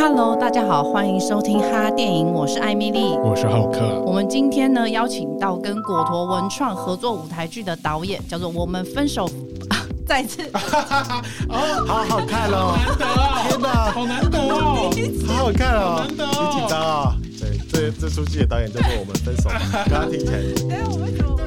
Hello，大家好，歡迎收聽哈電影，我是艾蜜莉，我是浩克。我們今天呢邀請到跟果陀文創合作舞台劇的導演，叫做《我們分手》啊，再次 哦， 好好看哦，難得啊，天哪好難得哦，好好看 好難得哦，真的、啊，好緊張啊，對，這這齣戲的導演叫做《我們分手》 提前，剛剛聽起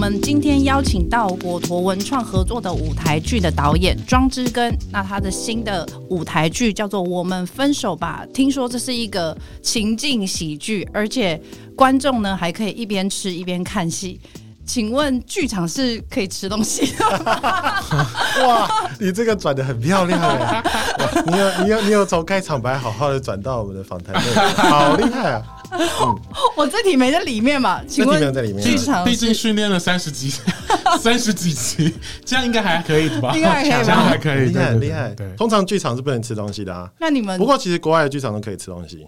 我們今天邀請到果陀文創合作的舞台劇的導演莊知耕，那他的新的舞台劇叫做《我們分手吧》，聽說這是一個情境喜劇，而且觀眾呢還可以一邊吃一邊看戲。請問劇場是可以吃東西的？哇，你這個轉得很漂亮，你有你有你有從開場白好好的轉到我們的訪談，好厲害啊！嗯、我自己沒在裡面嘛？其實、嗯、我沒在裡面。劇場畢竟訓練了三十集，三十幾集，這樣應該還可以的吧？ 應該可以，這樣還可以，應該厲害。通常劇場是不能吃東西的啊。那你們不過其實國外的劇場都可以吃東西，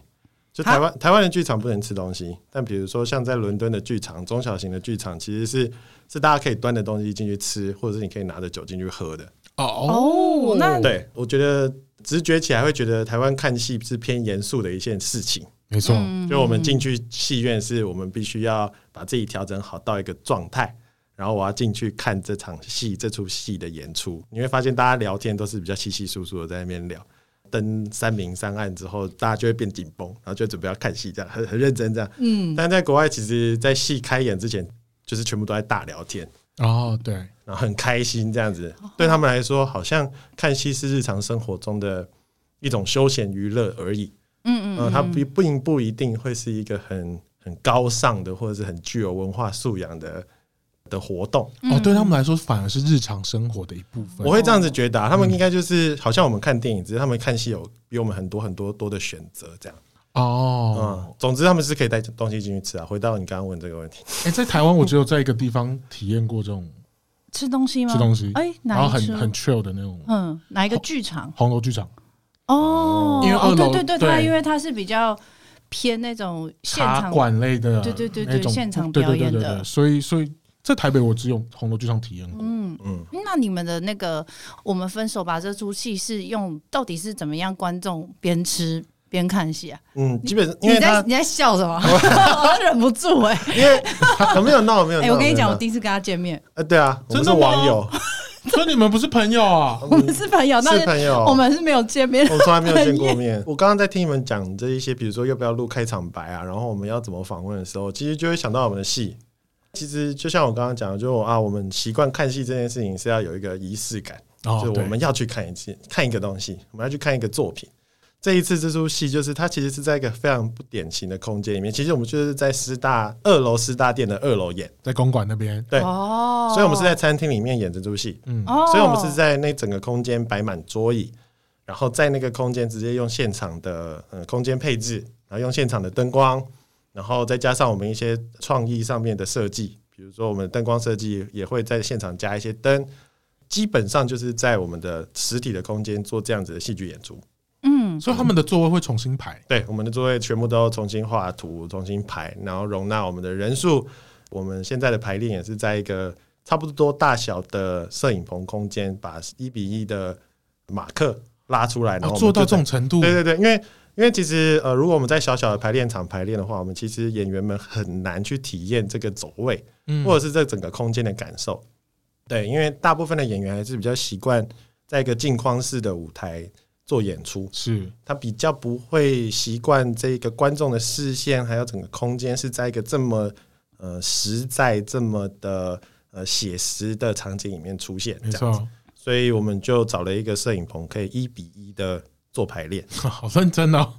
就台灣哈台灣的劇場不能吃東西，但比如說像在倫敦的劇場，中小型的劇場其實是是大家可以端的東西進去吃，或者是你可以拿着酒進去喝的。哦哦，那對，我覺得直覺起來會覺得台灣看戲是偏嚴肅的一件事情。沒錯，嗯、就我們進去戲院，是我們必須要把自己調整好到一個狀態，然後我要進去看這場戲、這出戲的演出。你會發現，大家聊天都是比較稀稀疏疏的在那邊聊。燈三明三暗之後，大家就會變緊繃，然後就準備要看戲，這樣很很認真這樣。嗯，但在國外，其實，在戲開演之前，就是全部都在大聊天哦，對，然後很開心這樣子。對他們來說，好像看戲是日常生活中的一種休閒娛樂而已。嗯嗯，呃，它並並不一定會是一個很很高尚的，或者是很具有文化素養的的活動。哦，對他們來說，反而是日常生活的一部分。我會這樣子覺得，他們應該就是好像我們看電影，只是他們看戲有比我們很多很多多的選擇這樣。哦，總之他們是可以帶東西進去吃啊。回到你剛剛問這個問題，哎，在台灣，我只有在一個地方體驗過這種吃東西嗎？吃東西？哎，然後很很 chill 的那種，嗯，哪一個劇場？紅樓劇場。哦，因為貳樓，對對對，他因為他是比較偏那種現場館類的，對對對對，那種現場表演的，所以所以在台北我只有紅樓劇場體驗過。嗯嗯，那你們的那個《我們分手吧》這齣戲是用到底是怎麼樣？觀眾邊吃邊看戲啊？嗯，基本上你在你在笑什麼？他忍不住哎，因為他沒有鬧沒有。哎，我跟你講，我第一次跟他見面，哎，對啊，我們是網友。 所以你們不是朋友啊？我們是朋友，是朋友。我們是沒有見面，我從來沒有見過面。我剛剛在聽你們講這一些，比如說要不要錄開場白啊，然後我們要怎麼訪問的時候，其實就會想到我們的戲。其實就像我剛剛講的，就啊，我們習慣看戲這件事情是要有一個儀式感，哦、就我們要去看一次對看一個東西，我們要去看一個作品。這一次這出戲，就是它其實是在一個非常不典型的空間裡面。其實我們就是在師大貳樓師大店的二樓演，在公館那邊。對，哦、所以我們是在餐廳裡面演這出戲，嗯，哦、所以我們是在那整個空間擺滿桌椅，然後在那個空間直接用現場的嗯空間配置，然後用現場的燈光，然後再加上我們一些創意上面的設計，比如說我們的燈光設計也會在現場加一些燈，基本上就是在我們的實體的空間做這樣子的戲劇演出。嗯、所以他們的座位會重新排。對，我們的座位全部都重新畫圖、重新排，然後容納我們的人數。我們現在的排練也是在一個差不多大小的攝影棚空間，把一比一的馬克拉出來，然後、哦、做到這種程度。對對對，因為因為其實呃，如果我們在小小的排練場排練的話，我們其實演員們很難去體驗這個走位，嗯、或者是這整個空間的感受。對，因為大部分的演員還是比較習慣在一個鏡框式的舞台。做演出，是他比較不會習慣這個觀眾的視線，還有整個空間是在一個這麼呃實在、這麼的呃寫實的場景裡面出現這樣子，沒錯。所以我們就找了一個攝影棚，可以一比一的做排練。啊，好認真哦。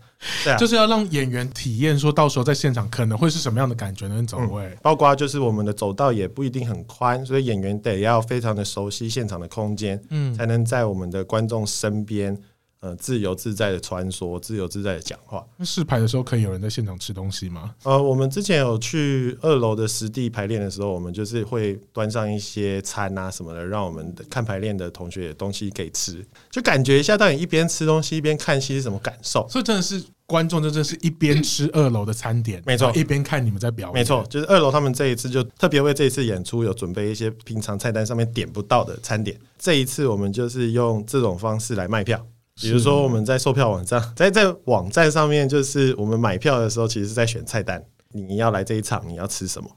對啊，就是要讓演員體驗，說到時候在現場可能會是什麼樣的感覺呢？走位。嗯，包括就是我們的走道也不一定很寬，所以演員得要非常的熟悉現場的空間，嗯，才能在我們的觀眾身邊呃，自由自在的穿梭，自由自在的講話。那試排的時候，可以有人在現場吃東西嗎？呃，我們之前有去貳樓的實地排練的時候，我們就是會端上一些餐啊什麼的，讓我們的看排練的同學東西給吃，就感覺一下，到底一邊吃東西一邊看戲是什麼感受。所以真的是觀眾，真正是一邊吃貳樓的餐點，嗯，沒錯，一邊看你們在表演。沒錯，就是貳樓他們這一次就特別為這一次演出有準備一些平常菜單上面點不到的餐點。這一次我們就是用這種方式來賣票。是比如說，我們在售票網站，在在網站上面，就是我們買票的時候，其實是在選菜單。你要來這一場，你要吃什麼？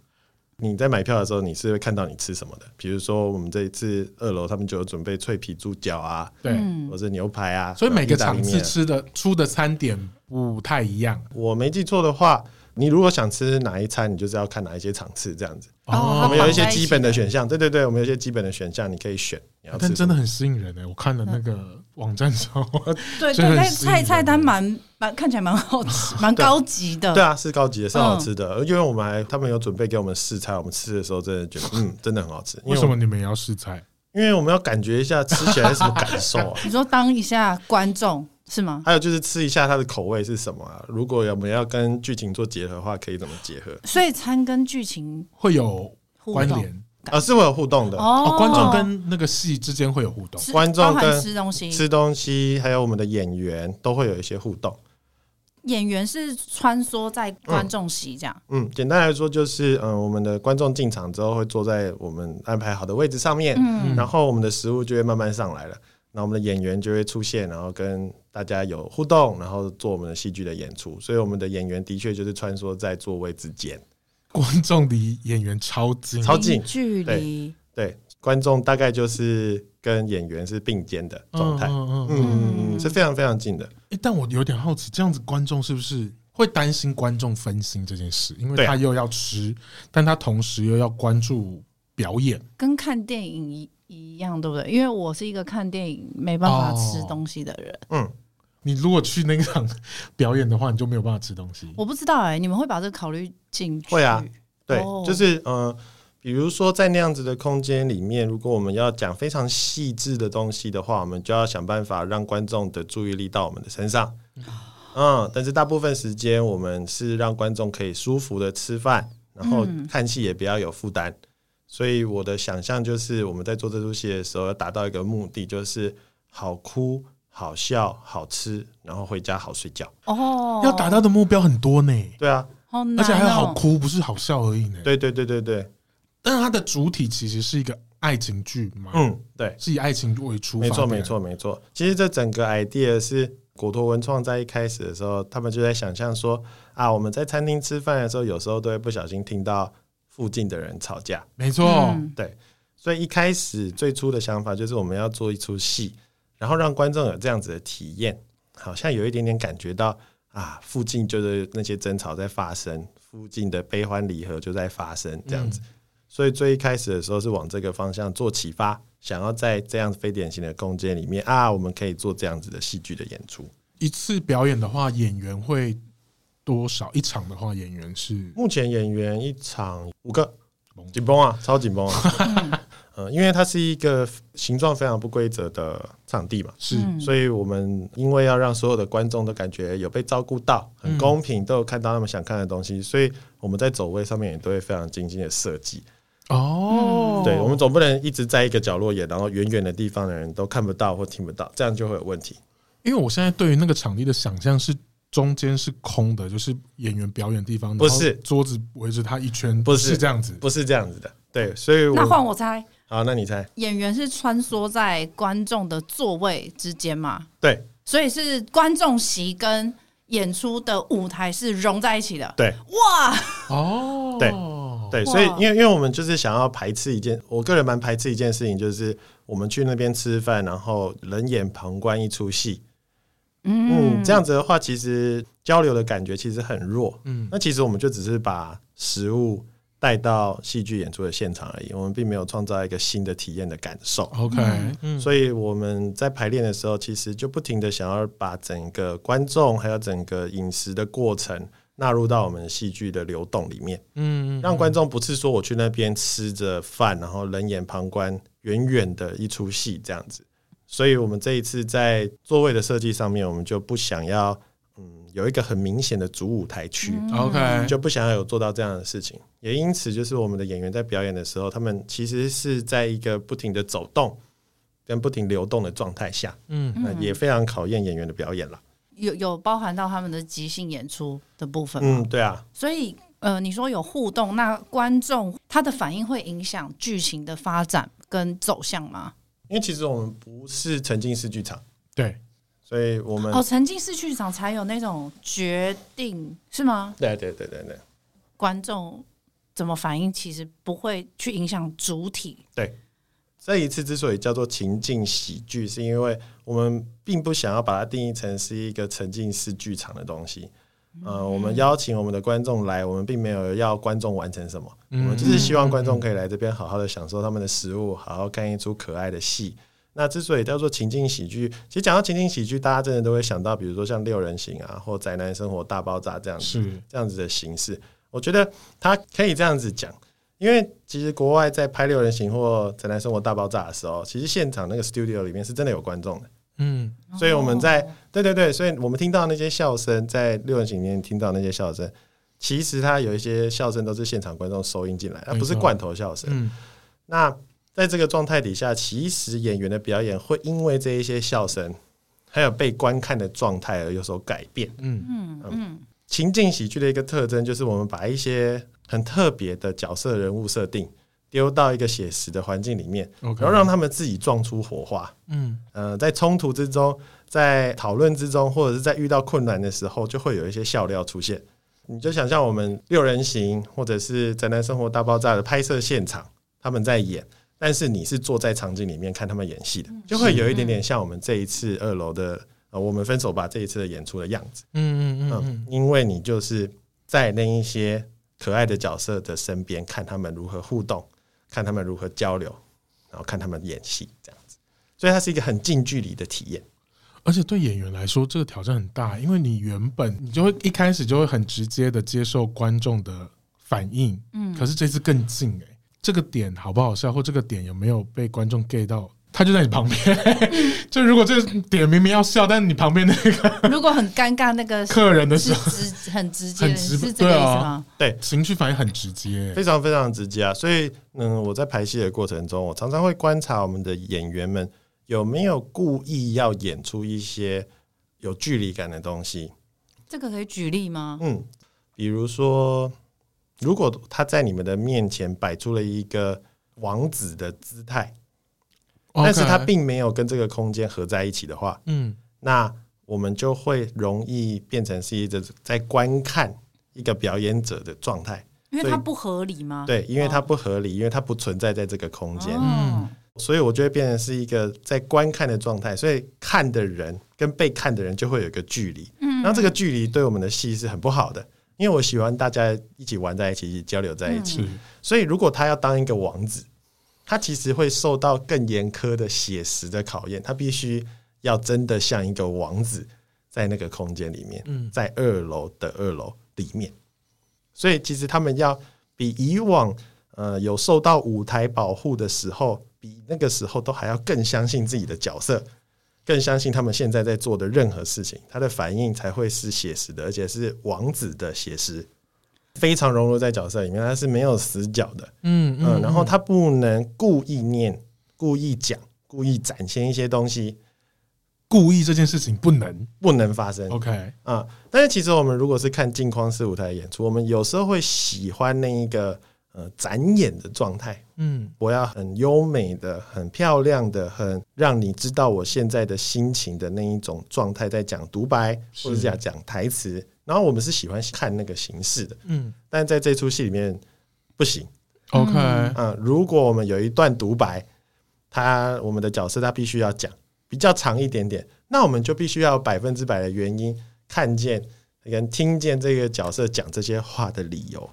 你在買票的時候，你是會看到你吃什麼的。比如說，我們這一次貳樓他們就有準備脆皮豬腳啊，對，或者牛排啊。所以每個場次吃的出的餐點不太一樣。我沒記錯的話。你如果想吃哪一餐，你就是要看哪一些場次這樣子。哦，我們有一些基本的選項，哦哦、對對對，我們有一些基本的選項，你可以選。你要吃什麼。但真的很吸引人誒、欸，我看了那個網站之後，嗯、 對，對對，菜菜單蠻蠻看起來蠻好吃，蠻高級的 對。對啊，是高級的，是好吃的，嗯、因為我們還他們有準備給我們試菜，我們吃的時候真的覺得，嗯，真的很好吃。為，為什麼你們也要試菜？因為我們要感覺一下吃起來什麼感受啊。 你說當一下觀眾。是嗎？還有就是吃一下它的口味是什麼、啊？如果我們要跟劇情做結合的話，可以怎麼結合？所以餐跟劇情會有關聯，啊，是會有互動的。哦，哦，觀眾跟那個戲之間會有互動，觀眾跟吃東西、吃東西，還有我們的演員都會有一些互動。演員是穿梭在觀眾席這樣嗯。嗯，簡單來說就是，嗯，我們的觀眾進場之後會坐在我們安排好的位置上面，嗯、然後我們的食物就會慢慢上來了。那我們的演員就會出現，然後跟大家有互動，然後做我們的戲劇的演出。所以我們的演員的確就是穿梭在座位之間，觀眾離演員超近，超近距離。對，對，觀眾大概就是跟演員是並肩的狀態，哦哦哦嗯，嗯，是非常非常近的。欸，但我有點好奇，這樣子觀眾是不是會擔心觀眾分心這件事？因為他又要吃，啊，但他同時又要關注。表演跟看電影一一樣，對不對？因為我是一個看電影沒辦法吃東西的人。哦、嗯，你如果去那個表演的話，你就沒有辦法吃東西。我不知道哎、欸，你們會把這個考慮進去？會啊，對，哦、就是嗯、呃，比如說在那樣子的空間裡面，如果我們要講非常細緻的東西的話，我們就要想辦法讓觀眾的注意力到我們的身上。嗯、嗯，但是大部分時間我們是讓觀眾可以舒服的吃飯，然後看戲也比較有負擔。嗯所以我的想象就是，我們在做這出戲的時候，要達到一個目的，就是好哭、好笑、好吃，然後回家好睡覺。哦，oh, 要達到的目標很多呢。對啊，喔、而且還要好哭，不是好笑而已呢。對，對對對對對，但是它的主體其實是一個愛情劇嘛。嗯，對，是以愛情為出發沒。沒錯沒錯沒錯。其實這整個 idea 是果陀文創在一開始的時候，他們就在想象說啊，我們在餐廳吃飯的時候，有時候都會不小心聽到。附近的人吵架，沒錯 錯，嗯、對，所以一開始最初的想法就是我們要做一出戲，然後讓觀眾有這樣子的體驗，好像有一點點感覺到啊，附近就是那些爭吵在發生，附近的悲歡離合就在發生這樣子，嗯、所以最一開始的時候是往這個方向做啟發，想要在這樣非典型的空間裡面啊，我們可以做這樣子的戲劇的演出。一次表演的話，演員會。多少一場的話，演員是目前演員一場五個，緊繃啊，超緊繃啊，嗯、 呃，因為它是一個形狀非常不規則的場地嘛，是，所以我們因為要讓所有的觀眾都感覺有被照顧到，很公平，嗯、都有看到他們想看的東西，所以我們在走位上面也都會非常精心的設計。哦，對，我們總不能一直在一個角落演，然後遠遠的地方的人都看不到或聽不到，這樣就會有問題。因為我現在對於那個場地的想象是，中間是空的，就是演員表演的地方，不是桌子圍着他一圈，不是，是這樣子，不是這樣子的，對，所以那換我猜，是好，那你猜，演員是穿梭在觀眾的座位之間嘛？對，所以是觀眾席跟演出的舞台是融在一起的，對，哇！哦，對對，對哇所以因為因為我們就是想要排斥一件，我個人蠻排斥一件事情，就是我們去那邊吃飯，然後冷眼旁觀一出戲。嗯，嗯，這樣子的話，其實交流的感覺其實很弱。嗯，那其實我們就只是把食物帶到戲劇演出的現場而已，我們並沒有創造一個新的體驗的感受。OK，嗯，嗯，所以我們在排練的時候，其實就不停的想要把整個觀眾還有整個飲食的過程納入到我們戲劇的流動裡面。嗯，嗯，讓觀眾不是說我去那邊吃着飯，然後冷眼旁觀，遠遠的一齣戲這樣子。所以，我們這一次在座位的設計上面，我們就不想要，嗯，有一個很明顯的主舞台區，嗯，OK，就不想要有做到這樣的事情。也因此，就是我們的演員在表演的時候，他們其實是在一個不停的走動跟不停流動的狀態下，嗯，那也非常考驗演員的表演了。有有包含到他們的即興演出的部分嗎？嗯，對啊。所以，呃，你說有互動，那觀眾他的反應會影響劇情的發展跟走向嗎？因為其實我們不是沉浸式劇場，對，所以我們哦沉浸式劇場才有那種決定是嗎？對對對對對，觀眾怎麼反應其實不會去影響主體。對，這一次之所以叫做情境喜劇，是因為我們並不想要把它定義成是一個沉浸式劇場的東西。呃，我們邀請我們的觀眾來，我們並沒有要觀眾完成什麼，我們就是希望觀眾可以來這邊好好的享受他們的食物，好好看一齣可愛的戲。那之所以叫做情境喜劇，其實講到情境喜劇，大家真的都會想到，比如說像六人行啊，或宅男生活大爆炸這樣子，是這樣子的形式。我覺得它可以這樣子講，因為其實國外在拍六人行或宅男生活大爆炸的時候，其實現場那個 studio 裡面是真的有觀眾的。嗯，所以我們在對對對，所以我們聽到那些笑聲，在六人行裡面聽到那些笑聲，其實它有一些笑聲都是現場觀眾收音進來，而不是罐頭笑聲。嗯，那在這個狀態底下，其實演員的表演會因為這一些笑聲，還有被觀看的狀態而有所改變。嗯嗯嗯，嗯嗯情境喜劇的一個特徵就是我們把一些很特別的角色人物設定丟到一個寫實的環境裡面，Okay. 然後讓他們自己撞出火花。嗯、呃，在衝突之中，在討論之中，或者是在遇到困難的時候，就會有一些笑料出現。你就想象我們六人行，或者是宅男生活大爆炸的拍攝現場，他們在演，但是你是坐在場景裡面看他們演戲的，是就會有一點點像我們這一次貳樓的、呃《我們分手吧》這一次的演出的樣子。嗯嗯嗯,嗯,嗯，因為你就是在那一些可愛的角色的身邊看他們如何互動。看他們如何交流，然後看他們演戲這樣子，所以它是一個很近距離的體驗，而且對演員來說，這個挑戰很大，因為你原本你就會一開始就會很直接的接受觀眾的反應，嗯，可是這次更近誒、欸，這個點好不好笑或這個點有沒有被觀眾 get 到？他就在你旁邊， 就如果這點明明要笑，但是你旁邊那個，如果很尷尬那個客人的時候，直很直接的，很直，是嗎？對啊，對，情緒反應很直接，非常非常直接啊。所以，嗯，我在排戲的過程中，我常常會觀察我們的演員們有沒有故意要演出一些有距離感的東西。這個可以舉例嗎？嗯，比如說，如果他在你們的面前擺出了一個王子的姿態。Okay. 但是他並沒有跟這個空間合在一起的話，嗯，那我們就會容易變成是一個在觀看一個表演者的狀態，因為它不合理嗎？對，哇因為它不合理，因為它不存在在這個空間，嗯、哦，所以我就會變成是一個在觀看的狀態，所以看的人跟被看的人就會有一個距離，嗯，那這個距離對我們的戲是很不好的，因為我喜歡大家一起玩在一起，一起交流在一起，嗯，所以如果他要當一個王子。他其實會受到更嚴苛的寫實的考驗，他必須要真的像一個王子在那個空間裡面，嗯、在貳樓的二樓裡面。所以，其實他們要比以往呃有受到舞台保護的時候，比那個時候都還要更相信自己的角色，更相信他們現在在做的任何事情，他的反應才會是寫實的，而且是王子的寫實。非常融入在角色裡面，他是沒有死角的，嗯嗯，嗯，然後他不能故意念、故意講、故意展現一些東西，故意這件事情不能不能發生。OK 啊、嗯，但是其實我們如果是看鏡框式舞台演出，我們有時候會喜歡那一個呃展演的狀態，嗯，我要很優美的、很漂亮的、很讓你知道我現在的心情的那一種狀態，在講獨白或者是要講台詞。然後我們是喜歡看那個形式的，嗯，但是在這齣戲裡面不行。OK，嗯，如果我們有一段獨白，他我們的角色他必須要講比較長一點點，那我們就必須要有百分之百的原因看見跟聽見這個角色講這些話的理由。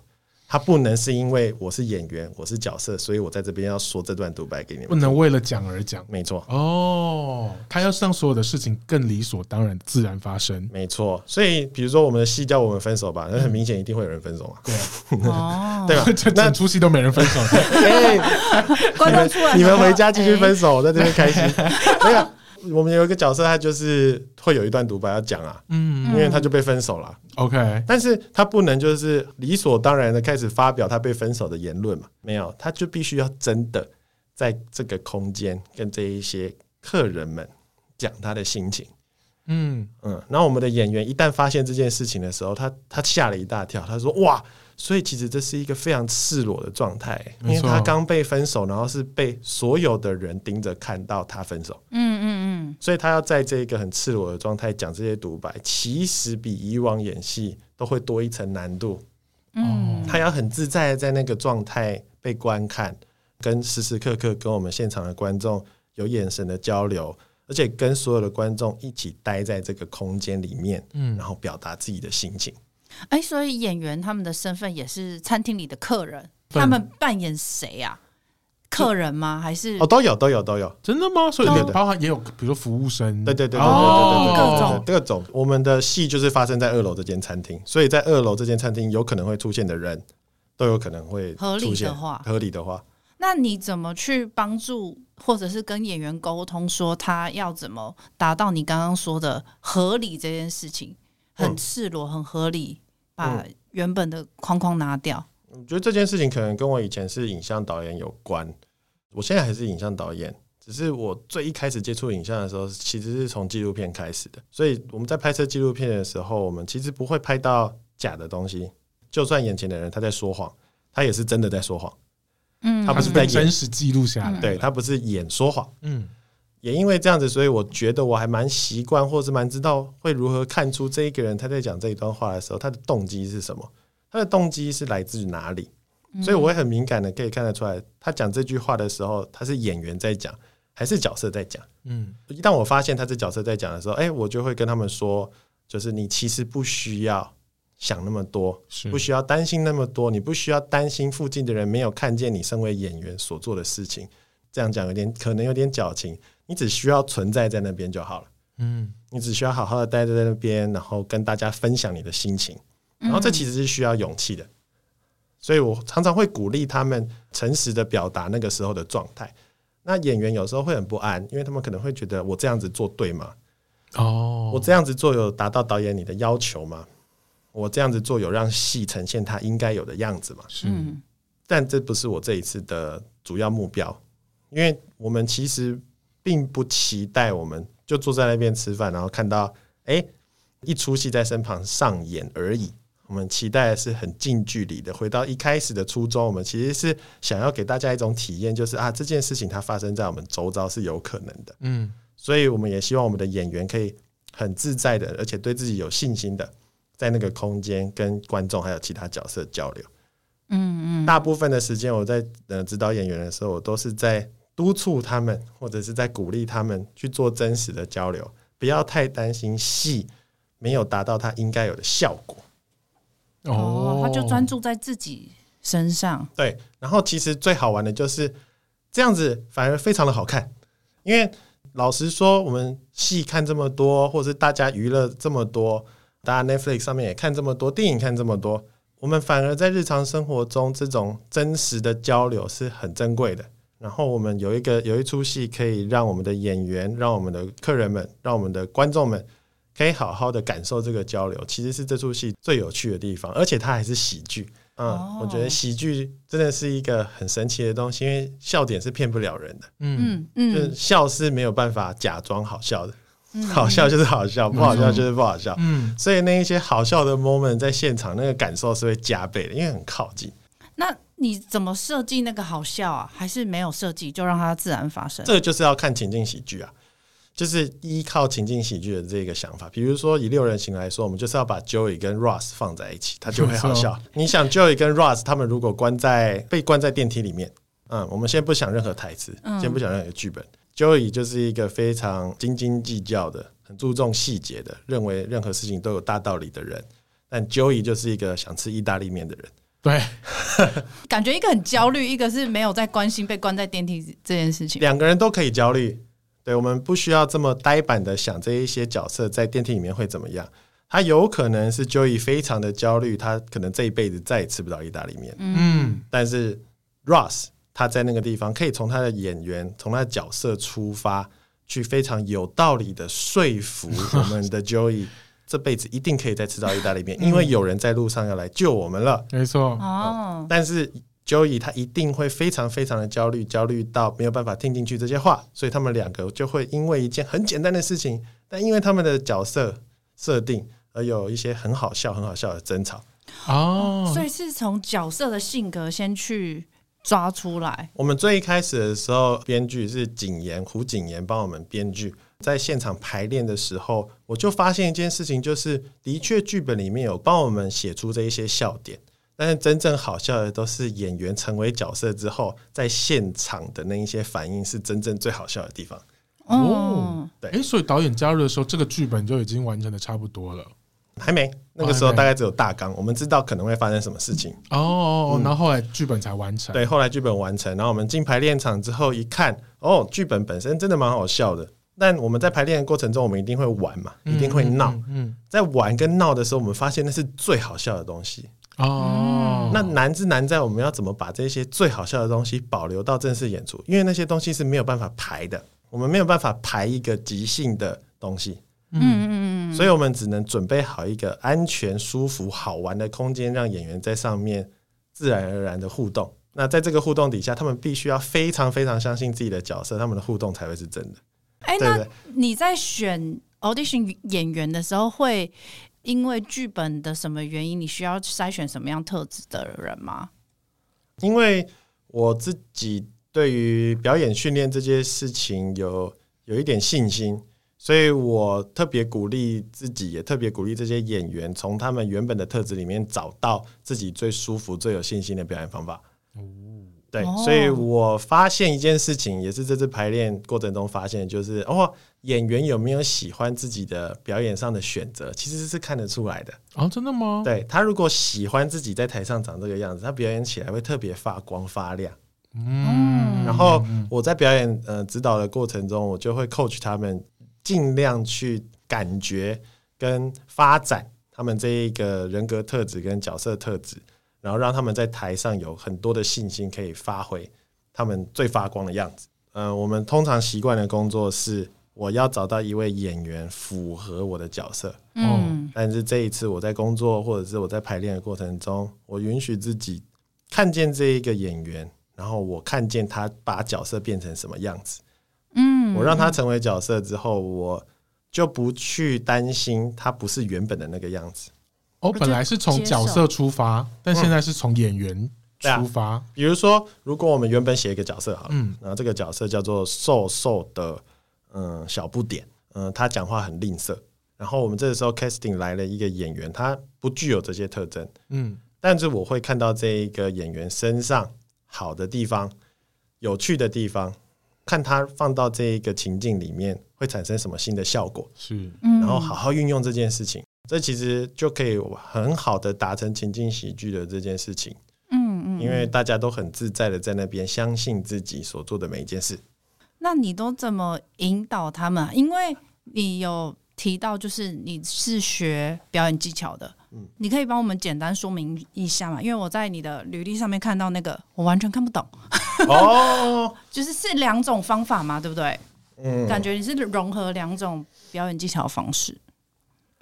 他不能是因為我是演員，我是角色，所以我在這邊要說這段獨白給你們。不能為了講而講，沒錯。哦，他要讓所有的事情更理所當然、自然發生。沒錯。所以，比如說我們的戲叫我們分手吧，那很明顯一定會有人分手啊。對。啊，對吧？那出戲都沒人分手。所以，你們你們回家繼續分手，我在這邊開心。我們有一個角色，他就是會有一段獨白要講啊，嗯，因為他就被分手了，OK，、啊嗯、但是他不能就是理所當然的開始發表他被分手的言論嘛，沒有，他就必須要真的在這個空間跟這一些客人們講他的心情，嗯嗯，然後、嗯、我們的演員一旦發現這件事情的時候，他他嚇了一大跳，他說哇。所以其實這是一個非常赤裸的狀態，因為他剛被分手，然後是被所有的人盯着看到他分手。嗯嗯嗯。所以他要在這一個很赤裸的狀態講這些獨白，其實比以往演戲都會多一層難度。嗯，他要很自在的在那個狀態被觀看，跟時時刻刻跟我們現場的觀眾有眼神的交流，而且跟所有的觀眾一起待在這個空間裡面，嗯，然後表達自己的心情。哎、欸，所以演員他們的身份也是餐廳裡的客人，對他們扮演誰呀、啊？客人嗎？還是哦，都有都有都有，都有真的嗎？所以包含都也有，比如說服務生，對對對對對對，各種各種、這個。我們的戲就是發生在二樓這間餐廳，所以在二樓這間餐廳有可能會出現的人，都有可能會合理的話，合理的話。那你怎麼去幫助，或者是跟演員溝通，說他要怎麼達到你剛剛說的合理這件事情，很赤裸，很合理？嗯把原本的框框拿掉、嗯。我、嗯、覺得這件事情可能跟我以前是影像導演有關，我現在還是影像導演，只是我最一開始接觸影像的時候，其實是從紀錄片開始的。所以我們在拍攝紀錄片的時候，我們其實不會拍到假的東西。就算眼前的人他在說謊，他也是真的在說謊。嗯，他不是在演真實記錄下來，嗯、對他不是演說謊。嗯。也因為這樣子，所以我覺得我還蠻習慣，或是蠻知道會如何看出這一個人他在講這一段話的時候，他的動機是什麼，他的動機是來自於哪裡。所以我會很敏感的可以看得出來，嗯、他講這句話的時候，他是演員在講，還是角色在講？嗯，一旦我發現他是角色在講的時候，誒、欸，我就會跟他們說，就是你其實不需要想那麼多，是不需要擔心那麼多，你不需要擔心附近的人沒有看見你身為演員所做的事情。這樣講有點可能有點矯情。你只需要存在在那邊就好了，嗯，你只需要好好的待在那邊，然後跟大家分享你的心情，然後這其實是需要勇氣的，所以我常常會鼓勵他們誠實的表達那個時候的狀態。那演員有時候會很不安，因為他們可能會覺得我這樣子做對嗎？哦，我這樣子做有達到導演你的要求嗎？我這樣子做有讓戲呈現他應該有的樣子嗎？嗯，但這不是我這一次的主要目標，因為我們其實。並不期待我們就坐在那邊吃飯，然後看到哎、欸、一齣戲在身旁上演而已。我們期待的是很近距離的，回到一開始的初衷。我們其實是想要給大家一種體驗，就是啊這件事情它發生在我們周遭是有可能的。嗯，所以我們也希望我們的演員可以很自在的，而且對自己有信心的，在那個空間跟觀眾還有其他角色交流。嗯嗯，大部分的時間我在呃指導演員的時候，我都是在。督促他們，或者是在鼓勵他們去做真實的交流，不要太擔心戲沒有達到他應該有的效果。哦，oh, 他就專注在自己身上。對，然後其實最好玩的就是這樣子，反而非常的好看。因為老實說，我們戲看這麼多，或者是大家娛樂這麼多，大家 Netflix 上面也看這麼多，電影看這麼多，我們反而在日常生活中這種真實的交流是很珍貴的。然後我們有一個有一齣戲可以讓我們的演員、讓我們的客人們、讓我們的觀眾們，可以好好的感受這個交流，其實是這齣戲最有趣的地方，而且它還是喜劇。嗯，哦、我覺得喜劇真的是一個很神奇的東西，因為笑點是騙不了人的。嗯嗯，就笑是沒有辦法假裝好笑的，嗯、好笑就是好笑，嗯、不好笑就是不好笑。嗯，嗯所以那一些好笑的 moment 在現場那個感受是會加倍的，因為很靠近。那。你怎麼設計那個好笑啊？還是沒有設計就讓它自然發生？這就是要看情境喜劇啊，就是依靠情境喜劇的這個想法。比如說以六人行來說，我們就是要把 Joey 跟 Ross 放在一起，他就會好笑。 你想 Joey 跟 Ross 他們如果關在被關在電梯裡面，嗯，我們先不想任何台詞，先不想任何劇本。嗯、Joey 就是一個非常斤斤計較的、很注重細節的，認為任何事情都有大道理的人。但 Joey 就是一個想吃意大利麵的人。對， 感覺一個很焦慮，一個是沒有在關心被關在電梯這件事情。兩個人都可以焦慮，對，我們不需要這麼呆板的想這一些角色在電梯裡面會怎麼樣。他有可能是 Joey 非常的焦慮，他可能這一輩子再也吃不到意大利麵。嗯，但是 Ross 他在那個地方可以從他的演員、從他的角色出發，去非常有道理的說服我們的 Joey。 這輩子一定可以再吃到意大利麵，嗯、因為有人在路上要來救我們了。沒錯，哦。但是 Joey 他一定會非常非常的焦慮，焦慮到沒有辦法聽進去這些話，所以他們兩個就會因為一件很簡單的事情，但因為他們的角色設定而有一些很好笑、很好笑的爭吵。哦，哦，所以是從角色的性格先去抓出來。我們最一開始的時候，編劇是景言，胡景言幫我們編劇。在現場排練的時候，我就發現一件事情，就是的確劇本裡面有幫我們寫出這一些笑點，但是真正好笑的都是演員成為角色之後在現場的那一些反應是真正最好笑的地方。哦，對，誒、欸，所以導演加入的時候，這個劇本就已經完成得差不多了，還沒。那個時候大概只有大綱，我們知道可能會發生什麼事情。哦，那、哦、然後，後來劇本才完成。嗯、對，後來劇本完成，然後我們進排練場之後一看，哦，劇本本身真的蠻好笑的。但我們在排練的過程中，我們一定會玩嘛，一定會鬧。嗯。嗯，嗯嗯，在玩跟鬧的時候，我們發現那是最好笑的東西哦。那難之難在，我們要怎麼把這些最好笑的東西保留到正式演出？因為那些東西是沒有辦法排的，我們沒有辦法排一個即興的東西。嗯嗯嗯嗯，所以我們只能準備好一個安全、舒服、好玩的空間，讓演員在上面自然而然的互動。那在這個互動底下，他們必須要非常非常相信自己的角色，他們的互動才會是真的。哎、欸，那你在選 audition 演員的時候，會因為劇本的什麼原因，你需要篩選什麼樣特質的人嗎？因為我自己對於表演訓練這件事情有有一點信心，所以我特別鼓勵自己，也特別鼓勵這些演員，從他們原本的特質裡面找到自己最舒服、最有信心的表演方法。嗯對，oh. 所以我發現一件事情，也是這次排練過程中發現，就是哦，演員有沒有喜歡自己的表演上的選擇，其實是看得出來的啊，oh, 真的嗎？對，他如果喜歡自己在台上長這個樣子，他表演起來會特別發光發亮。嗯、mm，hmm. 然後我在表演呃指導的過程中，我就會 coach 他們，盡量去感覺跟發展他們這一個人格特質跟角色特質。然後讓他們在台上有很多的信心可以發揮他們最發光的樣子。嗯、呃，我們通常習慣的工作是，我要找到一位演員符合我的角色。嗯，但是這一次我在工作或者是我在排練的過程中，我允許自己看見這一個演員，然後我看見他把角色變成什麼樣子。嗯，我讓他成為角色之後，我就不去擔心他不是原本的那個樣子。我、哦、本來是從角色出發，但現在是從演員出發、嗯啊。比如說，如果我們原本寫一個角色好了，好嗯，然後這個角色叫做瘦瘦的，嗯，小不點，嗯，他講話很吝嗇。然後我們這個時候 casting 來了一個演員，他不具有這些特徵，嗯，但是我會看到這一個演員身上好的地方、有趣的地方，看他放到這一個情境裡面會產生什麼新的效果，是，嗯、然後好好運用這件事情。這其實就可以很好的達成情境喜劇的這件事情，嗯嗯，因為大家都很自在的在那邊相信自己所做的每一件事、嗯。嗯嗯、那你都怎麼引導他們啊？因為你有提到，就是你是學表演技巧的，嗯，你可以幫我們簡單說明一下嘛？因為我在你的履歷上面看到那個，我完全看不懂。哦， 就是是兩種方法嘛，對不對？嗯，感覺你是融合兩種表演技巧的方式。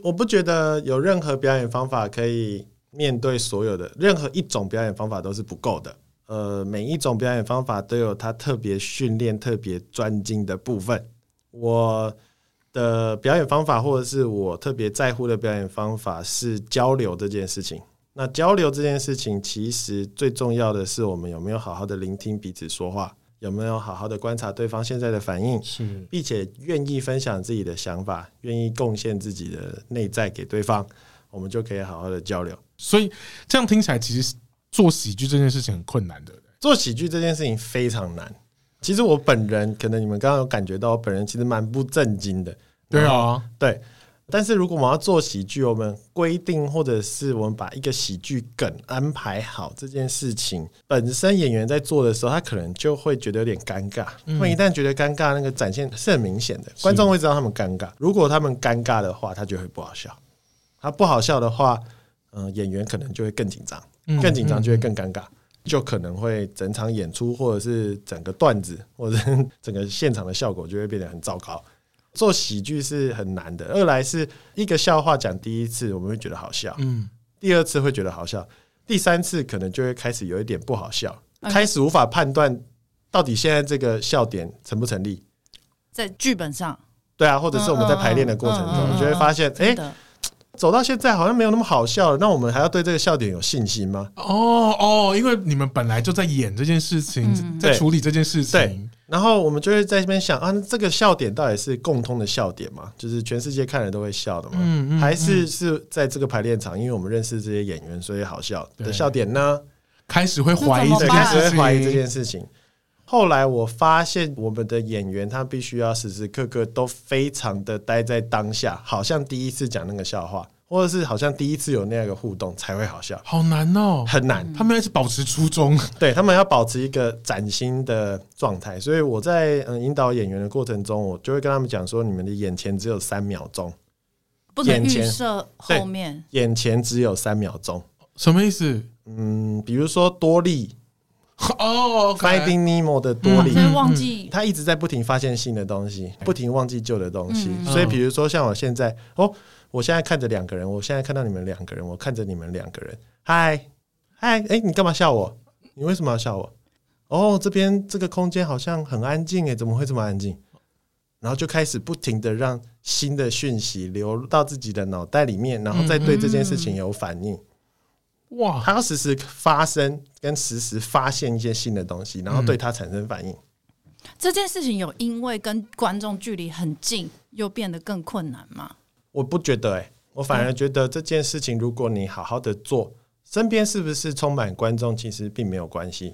我不覺得有任何表演方法可以面對所有的，任何一種表演方法都是不夠的。呃，每一種表演方法都有它特別訓練、特別專精的部分。我的表演方法，或者是我特別在乎的表演方法，是交流這件事情。那交流這件事情，其實最重要的是我們有沒有好好的聆聽彼此說話。有沒有好好的觀察對方現在的反應，是，並且願意分享自己的想法，願意貢獻自己的內在給對方，我們就可以好好的交流。所以這樣聽起來，其實做喜劇這件事情很困難的。對不對？做喜劇這件事情非常難。其實我本人，可能你們剛剛有感覺到，我本人其實蠻不正經的。對啊，對。但是如果我們要做喜劇，我們規定或者是我們把一個喜劇梗安排好這件事情本身，演員在做的時候，他可能就會覺得有點尷尬。因為、嗯、一旦覺得尷尬，那個展現是很明顯的，觀眾會知道他們尷尬。是如果他們尷尬的話，他就會不好笑；他不好笑的話，嗯、呃，演員可能就會更緊張，更緊張就會更尷尬，嗯嗯嗯就可能會整場演出或者是整個段子或者整個現場的效果就會變得很糟糕。做喜劇是很難的。二來是一個笑話講第一次我們會覺得好笑，嗯，第二次會覺得好笑，第三次可能就會開始有一點不好笑，嗯、開始無法判斷到底現在這個笑點成不成立，在劇本上，對啊，或者是我們在排練的過程中，你、嗯、就會發現，哎、嗯欸，走到現在好像沒有那麼好笑了。那我們還要對這個笑點有信心嗎？哦哦，因為你們本來就在演這件事情，嗯、在處理這件事情。對對然後我們就會在這邊想啊，這個笑點到底是共通的笑點嗎？就是全世界看了都會笑的嗎？嗯嗯嗯、還是是在這個排練場，因為我們認識這些演員，所以好笑的笑點呢、啊？開始會懷疑，開始會懷疑這件事情。後來我發現，我們的演員他必須要時時刻刻都非常的待在當下，好像第一次講那個笑話。或者是好像第一次有那樣的互動才會好笑，好難哦，喔，很難。他們還是保持初衷，嗯，對他們要保持一個嶄新的狀態。所以我在嗯引導演員的過程中，我就會跟他們講說：你們的眼前只有三秒鐘，不能預設後面眼。眼前只有三秒鐘，什麼意思？嗯，比如說多莉，哦，oh, okay，《Finding Nemo》的多莉、嗯、忘記、嗯嗯、他一直在不停發現新的東西，不停忘記舊的東西。嗯，所以比如說像我現在哦。我現在看着兩個人，我現在看到你們兩個人，我看着你們兩個人。嗨，嗨，欸，你幹嘛笑我？你為什麼要笑我？哦，這邊這個空間好像很安靜誒，怎麼會這麼安靜？然後就開始不停地讓新的訊息流到自己的腦袋裡面，然後再對這件事情有反應。哇，嗯嗯，他要時時發生跟時時發現一些新的東西，然後對他產生反應。嗯嗯。這件事情有因為跟觀眾距離很近，又變得更困難嗎？我不覺得哎、欸,我反而覺得這件事情,如果你好好的做,身邊是不是充滿觀眾,其實並沒有關係,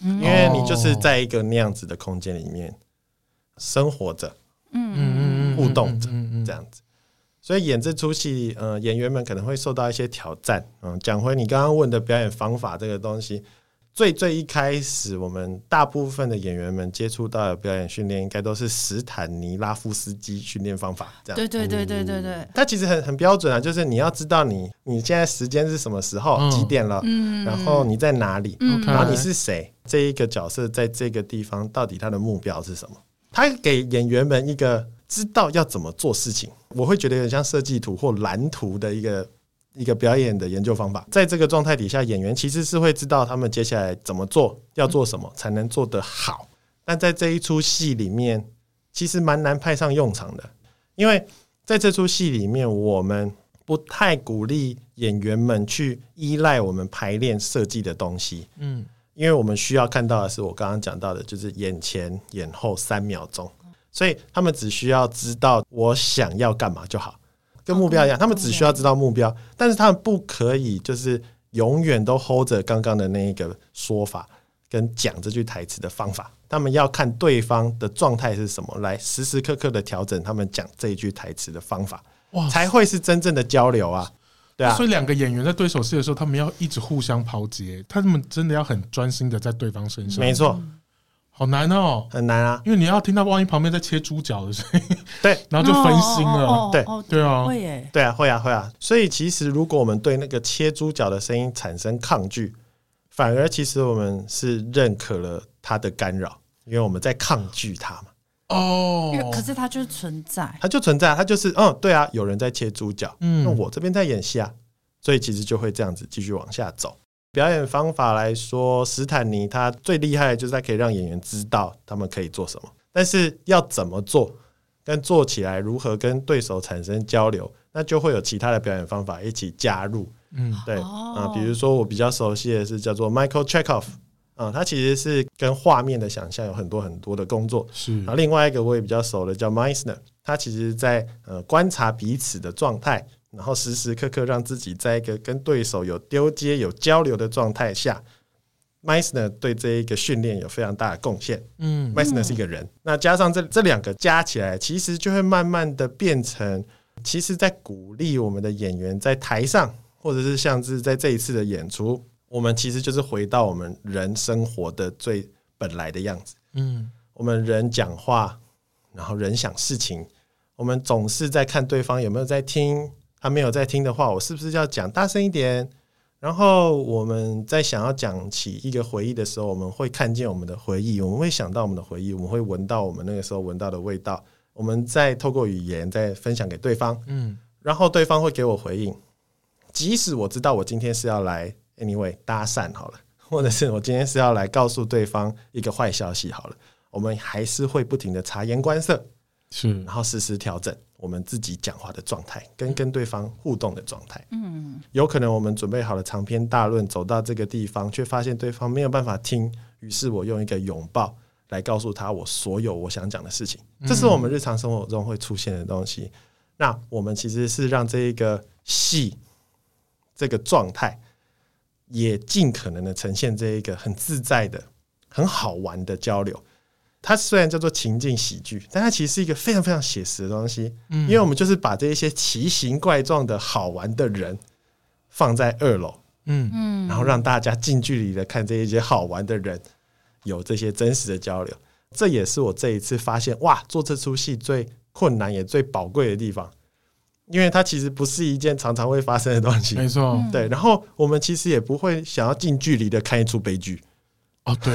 因為你就是在一個那樣子的空間裡面生活着,嗯嗯嗯,互動着,這樣子。所以演這出戲,嗯,演員們可能會受到一些挑戰。嗯,講回你剛剛問的表演方法這個東西。最最一開始，我們大部分的演員們接觸到的表演訓練，應該都是史坦尼拉夫斯基訓練方法。這樣，對對對對對對。他、嗯、其實很很標準啊，就是你要知道你你現在時間是什麼時候，幾點、嗯、了，然後你在哪裡，然後你是誰，嗯、這一個角色在這個地方到底他的目標是什麼？他給演員們一個知道要怎麼做事情，我會覺得有點像設計圖或藍圖的一個。一個表演的研究方法。在這個狀態底下，演員其實是會知道他們接下來怎麼做，要做什麼才能做得好。但在這一出戲裡面，其實蠻難派上用場的，因為在這出戲裡面，我們不太鼓勵演員們去依賴我們排練設計的東西。嗯，因為我們需要看到的是我剛剛講到的，就是眼前、眼後三秒鐘。所以他們只需要知道我想要幹嘛就好。跟目標一樣，他們只需要知道目標， 但是他們不可以就是永遠都 hold 着剛剛的那一個說法跟講這句台詞的方法。他們要看對方的狀態是什麼，來時時刻刻的調整他們講這一句台詞的方法，哇才會是真正的交流啊！對啊，啊所以兩個演員在對手戲的時候，他們要一直互相拋接，他們真的要很專心的在對方身上。沒錯。好難哦、喔，很難啊，因為你要聽到萬一旁邊在切豬腳的聲音，對，然後就分心了，對，對啊，會耶，對啊，會啊，會啊，所以其實如果我們對那個切豬腳的聲音產生抗拒，反而其實我們是認可了它的干擾，因為我們在抗拒它嘛、哦。哦，因為可是它就，就存在，它就存在，它就是，嗯，對啊，有人在切豬腳，嗯、那我這邊在演戲啊，所以其實就會這樣子繼續往下走。表演方法來說，斯坦尼他最厲害的就是他可以讓演員知道他們可以做什麼，但是要怎麼做，跟做起來如何跟對手產生交流，那就會有其他的表演方法一起加入。嗯，對啊，比如說我比較熟悉的是叫做 Michael Chekhov 啊，他其實是跟畫面的想象有很多很多的工作。是啊，另外一個我也比較熟的叫 Meisner，他其實在呃觀察彼此的狀態。然後時時刻刻讓自己在一個跟對手有丟接，有交流的狀態下，Meisner 呢，對這一個訓練有非常大的貢獻。嗯，Meisner 呢，是一個人，嗯、那加上這這兩個加起來，其實就會慢慢的變成，其實，在鼓勵我們的演員在台上，或者是像是在這一次的演出，我們其實就是回到我們人生活的最本來的樣子。嗯，我們人講話，然後人想事情，我們總是在看對方有沒有在聽。他沒有在聽的話，我是不是要講大聲一點？然後我們在想要講起一個回憶的時候，我們會看見我們的回憶，我們會想到我們的回憶，我們會聞到我們那個時候聞到的味道。我們再透過語言再分享給對方，嗯，然後對方會給我回應。即使我知道我今天是要來 anyway 搭訕好了，或者是我今天是要來告訴對方一個壞消息好了，我們還是會不停的察言觀色。是，然後實時、時調整我們自己講話的狀態，跟跟對方互動的狀態。嗯，有可能我們準備好了長篇大論，走到這個地方，卻發現對方沒有辦法聽，於是我用一個擁抱來告訴他我所有我想講的事情。這是我們日常生活中會出現的東西。那我們其實是讓這一個戲，這個狀態，也盡可能的呈現這一個很自在的、很好玩的交流。它雖然叫做情境喜劇，但它其實是一個非常非常寫實的東西。嗯，因為我們就是把這一些奇形怪狀的好玩的人放在二樓，嗯嗯，然後讓大家近距離的看這一些好玩的人有這些真實的交流。這也是我這一次發現哇，做這齣戲最困難也最寶貴的地方，因為它其實不是一件常常會發生的東西。沒錯，對。然後我們其實也不會想要近距離的看一齣悲劇。哦，對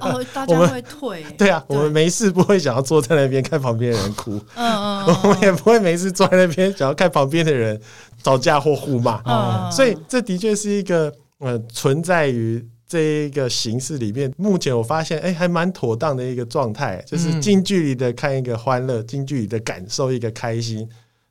哦，大家會退。 對啊，對我們沒事不會想要坐在那邊看旁邊的人哭，嗯嗯，嗯 我們也不會沒事坐在那邊想要看旁邊的人吵架或互罵。嗯、所以這的確是一個呃存在於這一個形式裡面。目前我發現，哎、欸，還蠻妥當的一個狀態，就是近距離的看一個歡樂，嗯、近距離的感受一個開心。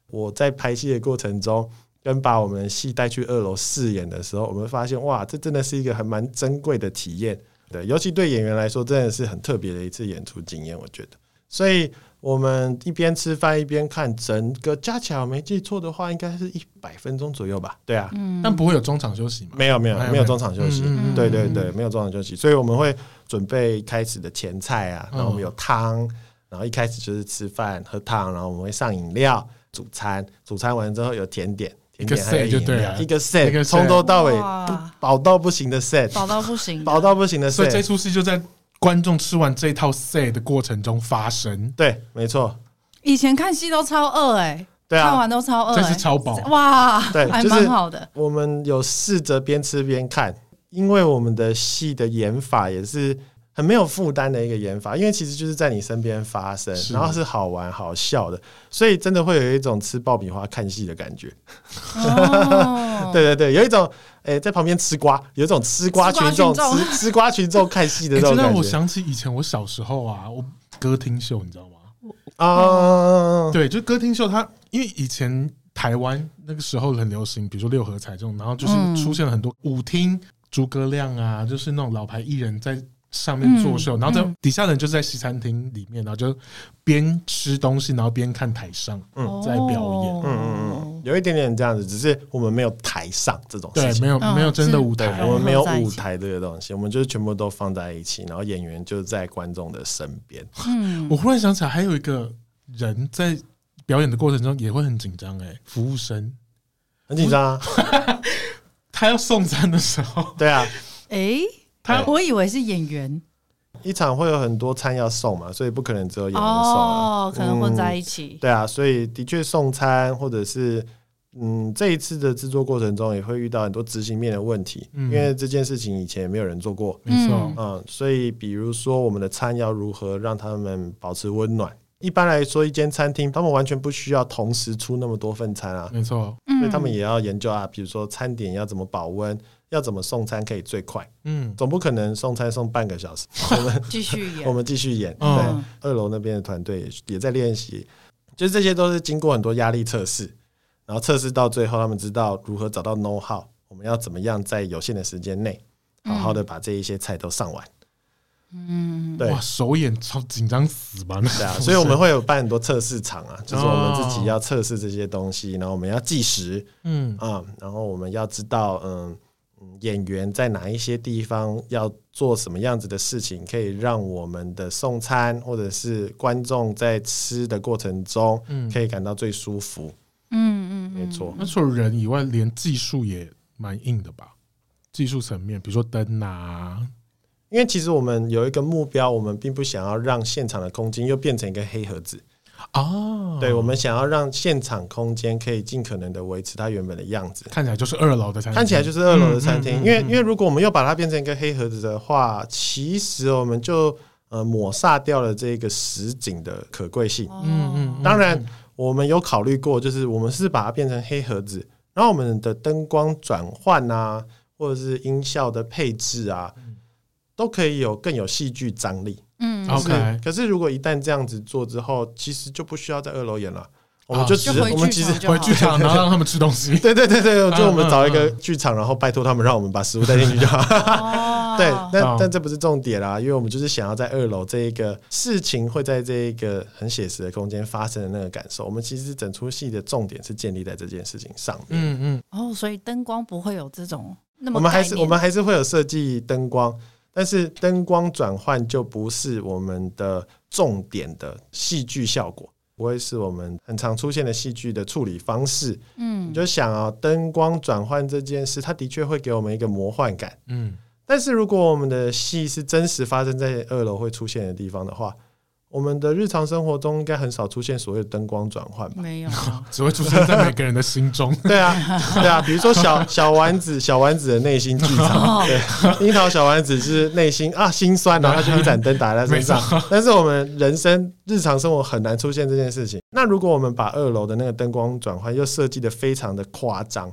我在拍戲的過程中，跟把我們戲帶去貳樓試演的時候，我們發現，哇，這真的是一個還蠻珍貴的體驗。對，尤其對演員來說，真的是很特別的一次演出經驗，我覺得。所以，我們一邊吃飯一邊看，整個加起來，我沒記錯的話，應該是一百分鐘左右吧？對啊，嗯，但不會有中場休息嗎？沒有，沒有，沒有中場休息。嗯、對，對，對，沒有中場休息。所以我們會準備開始的前菜啊，然後我們有湯，嗯、然後一開始就是吃飯喝湯，然後我們會上飲料、主餐，主餐完之後有甜點。一個 set 就對了，一個 set，一個 set，從頭到尾飽哇到不行的 set，飽到不行、啊，飽到不行的 set。所以這出戲就在觀眾吃完這套 set 的過程中發生。對，沒錯。以前看戲都超餓哎、欸，對啊、看完都超餓、欸，這是超飽哇，還蠻好的。就是、我們有試着邊吃邊看，因為我們的戲的演法也是。很沒有負擔的一個演法，因為其實就是在你身邊發生，是然後是好玩好笑的，所以真的會有一種吃爆米花看戲的感覺。哦、 對對對，有一種、欸、在旁邊吃瓜，有一種吃瓜群眾吃吃瓜群眾看戲的那種感覺、欸、我想起以前我小時候啊，我歌廳秀，你知道嗎？啊、哦，對，就歌廳秀它，它因為以前台灣那個時候很流行，比如說六合彩這種，然後就是出現了很多舞廳，豬哥、嗯、亮啊，就是那種老牌藝人，在。上面作秀，嗯、然後在底下的人就是在西餐廳裡面，嗯、然後就邊吃東西，然後邊看台上、嗯、在表演。哦、嗯嗯嗯，有一點點這樣子，只是我們沒有台上這種事情，對，沒有、哦、沒有真的舞台，台我們沒有舞台這些東西，我們就是全部都放在一起，然後演員就在觀眾的身邊。嗯，我忽然想起來，還有一個人在表演的過程中也會很緊張，哎，服務生很緊張啊，服 他要送餐的時候，對啊，哎、欸。他我以為是演員，一場會有很多餐要送嘛，所以不可能只有演員送哦，可能混在一起。對啊，所以的確送餐或者是嗯，這一次的制作過程中也會遇到很多執行面的問題，因為這件事情以前也沒有人做過，沒錯，嗯，所以比如說我們的餐要如何讓他們保持溫暖？一般來說，一間餐廳他們完全不需要同時出那麼多份餐啊，沒錯，所以他們也要研究啊，比如說餐點要怎麼保溫。要怎麼送餐可以最快？嗯，總不可能送餐送半個小時。我們繼 續演， 我們繼續演。對，二樓那邊的團隊也在練習，就是這些都是經過很多壓力測試，然後測試到最後，他們知道如何找到 know how。我們要怎麼樣在有限的時間內，好好的把這一些菜都上完？嗯，嗯，對，哇，手眼超緊張死吧？對啊，所以我們會有辦很多測試場啊，就是我們自己要測試這些東西，然後我們要計時，嗯啊，然後我們要知道，嗯。演員在哪一些地方要做什麼樣子的事情，可以讓我們的送餐或者是觀眾在吃的過程中，可以感到最舒服。嗯嗯，沒錯。那除了人以外，連技術也蠻硬的吧？技術層面，比如說燈啊，因為其實我們有一個目標，我們並不想要讓現場的空間又變成一個黑盒子。哦，oh, 對，我們想要讓現場空間可以儘可能的維持它原本的樣子，看起來就是二樓的餐廳，看起來就是二樓的餐廳。嗯嗯嗯嗯、因為，因為如果我們要把它變成一個黑盒子的話，其實我們就呃抹殺掉了這個實景的可貴性。嗯嗯。嗯嗯當然，我們有考慮過，就是我們是把它變成黑盒子，然後我們的燈光轉換啊，或者是音效的配置啊，都可以有更有戲劇張力。嗯，嗯是，OK。可是如果一旦這樣子做之後，其實就不需要在二樓演了，我們就只、啊、我們其實回劇場，然後讓他們吃東西。 對對對對，啊、就我們找一個劇場，啊啊、然後拜託他們讓我們把食物帶進去就好。對，但但這不是重點啦，因為我們就是想要在二樓這一個事情會在這一個很寫實的空間發生的那個感受。我們其實整齣戲的重點是建立在這件事情上面。嗯嗯。哦，所以燈光不會有這種那麼，我們還是我們還是會有設計燈光。但是燈光轉換就不是我們的重點的戲劇效果，不會是我們很常出現的戲劇的處理方式。嗯，你就想啊，燈光轉換這件事，它的確會給我們一個魔幻感。嗯，但是如果我們的戲是真實發生在貳樓會出現的地方的話。我們的日常生活中應該很少出現所謂的燈光轉換吧？沒有，只會出現在每個人的心中。 對啊，對啊，比如說小小丸子，小丸子的內心劇場。哦、對，櫻桃小丸子是內心啊心酸然，然後就一盞燈打在身上。沒錯。但是我們人生日常生活很難出現這件事情。那如果我們把二樓的那個燈光轉換又設計的非常的誇張。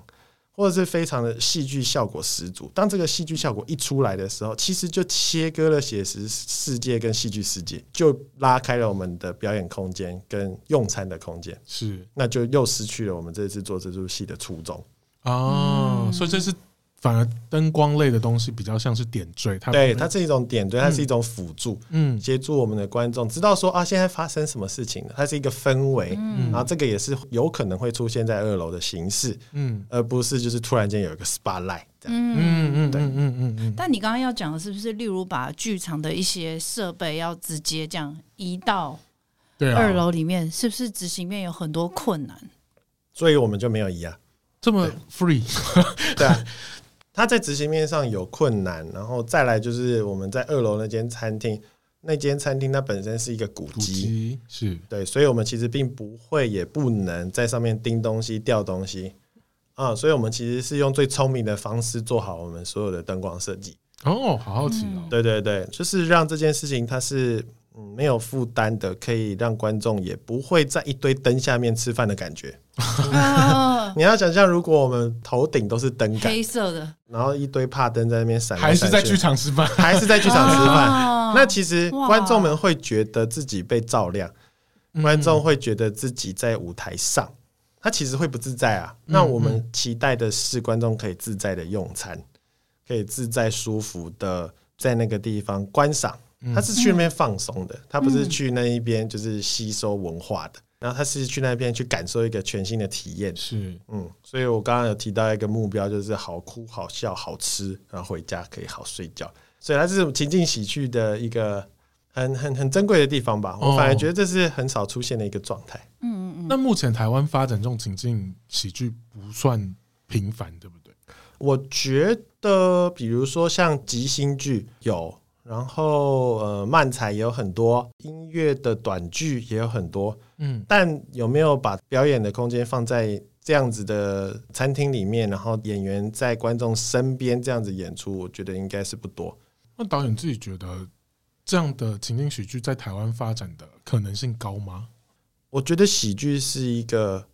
或者是非常的戲劇效果十足，當這個戲劇效果一出來的時候，其實就切割了寫實世界跟戲劇世界，就拉開了我們的表演空間跟用餐的空間，是，那就又失去了我們這次做這出戲的初衷哦。嗯，所以這是。反而燈光類的東西比較像是點綴，它對它是一種點綴，它是一種輔助，嗯，協助我們的觀眾知道說啊，現在發生什麼事情了，它是一個氛圍，然後這個也是有可能會出現在二樓的形式，嗯，而不是就是突然間有一個 spotlight 這樣，嗯嗯嗯，對嗯嗯，但你剛剛要講的是不是，例如把劇場的一些設備要直接這樣移到對二樓裡面，是不是執行面有很多困難？所以我們就沒有移啊，這麼 free，對它在執行面上有困難，然後再來就是我們在貳樓那間餐廳，那間餐廳它本身是一個古蹟，古蹟是對，所以我們其實並不會，也不能在上面釘東西、吊東西啊，所以我們其實是用最聰明的方式做好我們所有的燈光設計。哦，好好奇哦，嗯、對對對，就是讓這件事情它是沒有負擔的，可以讓觀眾也不會在一堆燈下面吃飯的感覺。 你要想象，如果我們頭頂都是燈桿，黑色的，然後一堆帕燈在那邊閃，還是在劇場吃飯， 還是在劇場吃飯。啊、那其實觀眾們會覺得自己被照亮，哇觀眾會覺得自己在舞台上，嗯、他其實會不自在啊。那我們期待的是觀眾可以自在的用餐，嗯嗯，可以自在舒服的在那個地方觀賞。嗯、他是去那邊放鬆的，嗯、他不是去那一邊就是吸收文化的。然後他是去那邊去感受一個全新的體驗，是，嗯，所以我剛剛有提到一個目標，就是好哭、好笑、好吃，然後回家可以好睡覺，所以它是情境喜劇的一個很很很、很珍貴的地方吧。我反而覺得這是很少出現的一個狀態。嗯嗯嗯。那目前台灣發展這種情境喜劇不算頻繁，對不對？我覺得，比如說像即興劇有。然後，呃，漫才也有很多，音樂的短劇也有很多，嗯，但有沒有把表演的空間放在這樣子的餐廳裡面，然後演員在觀眾身邊這樣子演出？我覺得應該是不多。那導演自己覺得，這樣的情景喜劇在台灣發展的可能性高嗎？我覺得喜劇是一個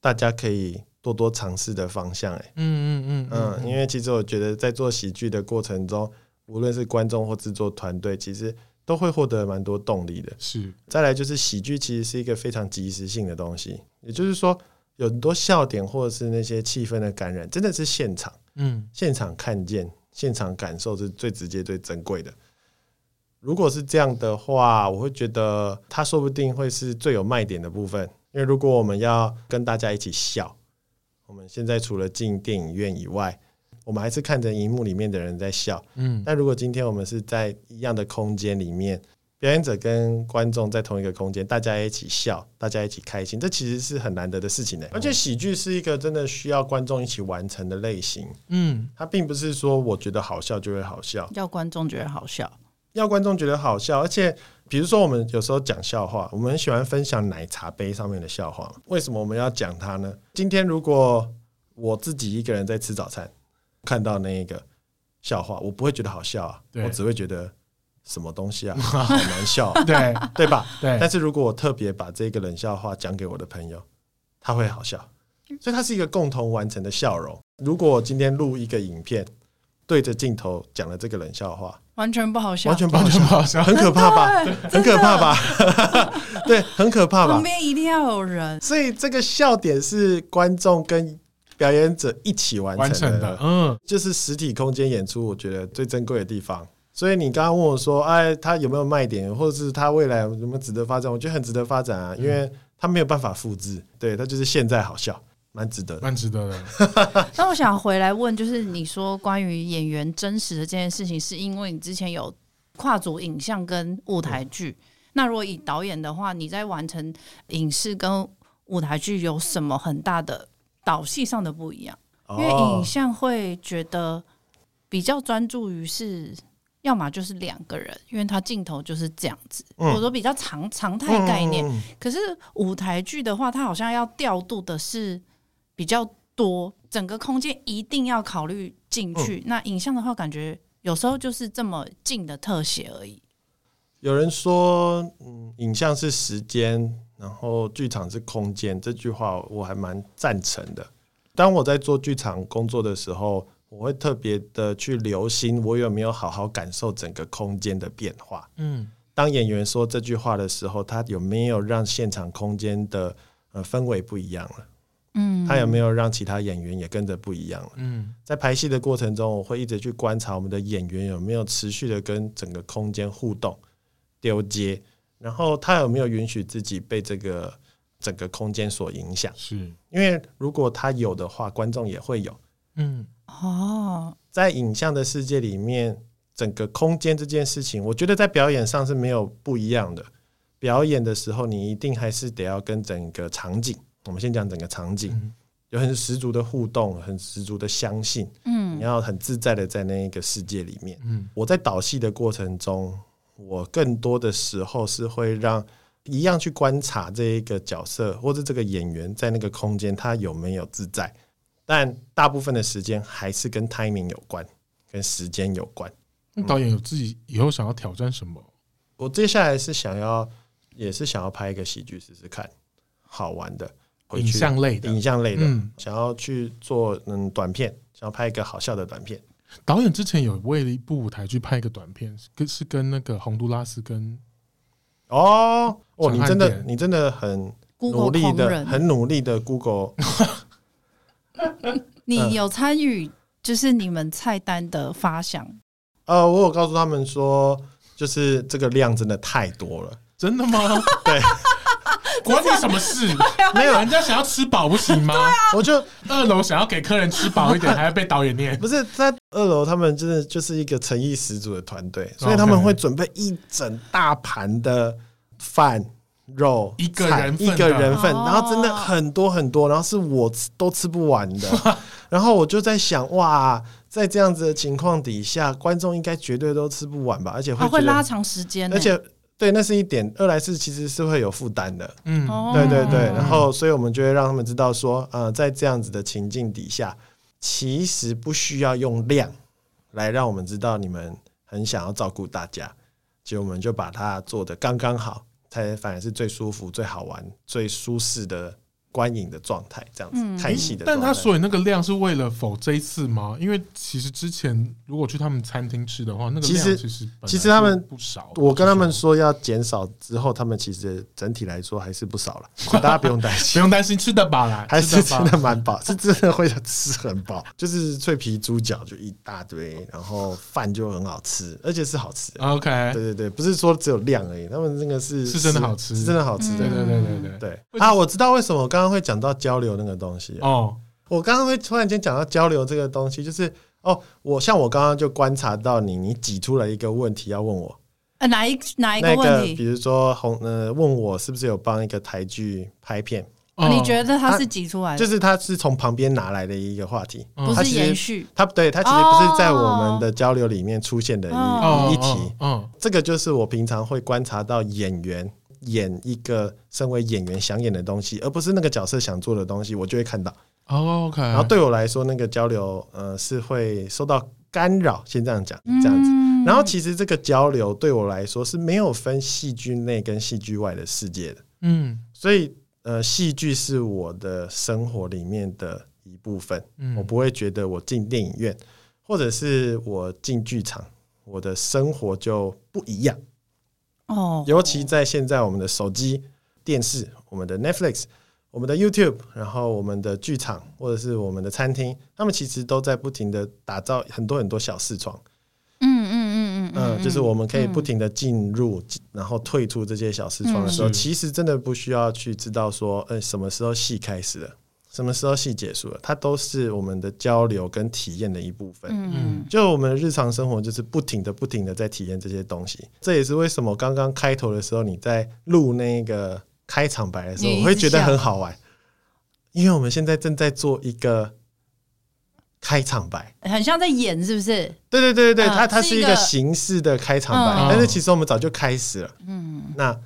大家可以多多嘗試的方向，欸，哎，嗯嗯嗯嗯，嗯，嗯，嗯，因為其實我覺得在做喜劇的過程中，無論是觀眾或制作團隊，其實都會獲得蠻多動力的。是，再來就是喜劇，其實是一個非常即時性的東西。也就是說，有很多笑點或者是那些氣氛的感染，真的是現場，嗯、現場看見、現場感受是最直接、最珍貴的。如果是這樣的話，我會覺得它說不定會是最有賣點的部分。因為如果我們要跟大家一起笑，我們現在除了進電影院以外，我們還是看着熒幕裡面的人在笑，嗯，但如果今天我們是在一樣的空間裡面，表演者跟觀眾在同一個空間，大家一起笑，大家一起開心，這其實是很難得的事情呢。而且喜劇是一個真的需要觀眾一起完成的類型，嗯，它並不是說我覺得好笑就會好笑，要觀眾覺得好笑，要觀眾覺得好笑。而且比如說我們有時候講笑話，我們很喜歡分享奶茶杯上面的笑話，為什麼我們要講它呢？今天如果我自己一個人在吃早餐。看到那個笑話，我不會覺得好笑啊，對我只會覺得什麼東西啊 好難笑啊， 對對吧？對。但是如果我特別把這個冷笑話講給我的朋友，他會好笑，嗯，所以他是一個共同完成的笑容。如果我今天錄一個影片，對着鏡頭講了這個冷笑話，完全不好笑，完全不好笑，很可怕吧？很可怕吧？ 對，很可怕吧？旁邊一定要有人，所以這個笑點是觀眾跟。表演者一起完成的，嗯，就是實體空間演出，我覺得最珍貴的地方。所以你剛剛問我說，哎，他有沒有賣點，或者是他未來有什麼值得發展？我覺得很值得發展啊，因為他沒有辦法複制，對，他就是現在好笑，蠻值得，蠻值得的。那我想回來問，就是你說關於演員真實的這件事情，是因為你之前有跨足影像跟舞台劇？嗯、那如果以導演的話，你在完成影視跟舞台劇，有什麼很大的？導戲上的不一樣，因為影像會覺得比較專注於是，要麼就是兩個人，因為他鏡頭就是這樣子，或者、嗯、說比較常常態概念。嗯、可是舞台劇的話，它好像要調度的是比較多，整個空間一定要考慮進去。嗯、那影像的話，感覺有時候就是這麼近的特寫而已。有人說，嗯，影像是時間。然後，劇場是空間，這句話我還蠻贊成的。當我在做劇場工作的時候，我會特別的去留心，我有沒有好好感受整個空間的變化。嗯，當演員說這句話的時候，他有沒有讓現場空間的呃氛圍不一樣了？嗯，他有沒有讓其他演員也跟着不一樣了？嗯，在排戲的過程中，我會一直去觀察我們的演員有沒有持續的跟整個空間互動、丟接。然後他有沒有允許自己被這個整個空間所影響？是，因為如果他有的話，觀眾也會有。嗯，哦，在影像的世界裡面，整個空間這件事情，我覺得在表演上是沒有不一樣的。表演的時候，你一定還是得要跟整個場景。我們先講整個場景，有很十足的互動，很十足的相信。嗯，然後很自在的在那一個世界裡面。嗯，我在導戲的過程中。我更多的時候是會讓一樣去觀察這一個角色或者這個演員在那個空間他有沒有自在，但大部分的時間還是跟 timing 有關，跟時間有關。導演有自己以後想要挑戰什麼？我接下來是想要，也是想要拍一個喜劇試試看，好玩的，回去影像類的影像類的，想要去做嗯短片，想要拍一個好笑的短片。導演之前有為了一部舞台劇拍一個短片，跟是跟那個洪都拉斯跟哦哦，你真的你真的很努力的，很努力的 Google。 你有參與就是你們菜單的發想？呃，我有告訴他們說，就是這個量真的太多了，真的嗎？ 對。關你什麼事？ 啊、沒有，人家想要吃飽不行嗎？啊、我就二樓想要給客人吃飽一點， 還要被導演念。不是在二樓，他們真的就是，就是一個誠意十足的團隊，所以他們會準備一整大盤的飯肉，Okay. 餐一個人份一個人份，然後真的很多很多，然後是我都吃不完的。 然後我就在想，哇，在這樣子的情況底下，觀眾應該絕對都吃不完吧？而且會、啊、會拉長時間、欸，而且。對，那是一點。二來是其實是會有負擔的，嗯，對對對。然後，所以我們就會讓他們知道說，呃，在這樣子的情境底下，其實不需要用量來讓我們知道你們很想要照顧大家。其實我們就把它做得剛剛好，才反而是最舒服、最好玩、最舒適的。觀影的狀態這樣子，嗯、開心的。但他所以那個量是為了否這一次嗎？因為其實之前如果去他們餐廳吃的話，那個量其實其實他們不少。我跟他們說要減少之後，他們其實整體來說還是不少了。少大家不用擔心， 不用擔心，吃得飽了，還是吃的蠻飽，是真的會吃很飽。就是脆皮豬腳就一大堆，然後飯就很好吃，而且是好吃的。的。OK，對對對，不是說只有量而已，他們那個是是真的好吃的，嗯、是真的好吃的。對、嗯、對對對對，對啊，我知道為什麼剛。剛剛會講到交流那個東西哦、啊，我剛剛會突然間講到交流這個東西，就是哦，我像我剛剛就觀察到你，你擠出了一個問題要問我，呃，哪一哪一個問題？比如說紅，呃、嗯，問我是不是有幫一個台劇拍片？哦啊、你覺得他是擠出來的，就是他是從旁邊拿來的一個話題，不是、嗯、延續，他對他其實不是在我們的交流裡面出現的一、哦、一題，嗯、哦，哦哦哦、這個就是我平常會觀察到演員，演一個身為演員想演的東西，而不是那個角色想做的東西，我就會看到。Oh, OK。然後對我來說，那個交流，呃，是會受到干擾。先這樣講，這樣子。嗯。然後其實這個交流對我來說是沒有分戲劇內跟戲劇外的世界的。嗯。所以，呃，戲劇是我的生活裡面的一部分。嗯。我不會覺得我進電影院，或者是我進劇場，我的生活就不一樣。哦，尤其在現在，我們的手機、電視、我們的 Netflix、我們的 YouTube，然後我們的劇場或者是我們的餐廳，他們其實都在不停的打造很多很多小視窗。嗯嗯嗯嗯，嗯，嗯，嗯、呃，就是我們可以不停的進入，嗯、然後退出這些小視窗的時候，嗯、其實真的不需要去知道說，嗯、呃，什麼時候戲開始了。什麼時候戲結束了？它都是我們的交流跟體驗的一部分。嗯，就我們日常生活就是不停的、不停的在體驗這些東西。這也是為什麼剛剛開頭的時候你在錄那個開場白的時候，我會覺得很好玩，因為我們現在正在做一個開場白，很像在演，是不是？對對對對對，嗯、它它是一個形式的開場白，嗯、但是其實我們早就開始了。嗯，那。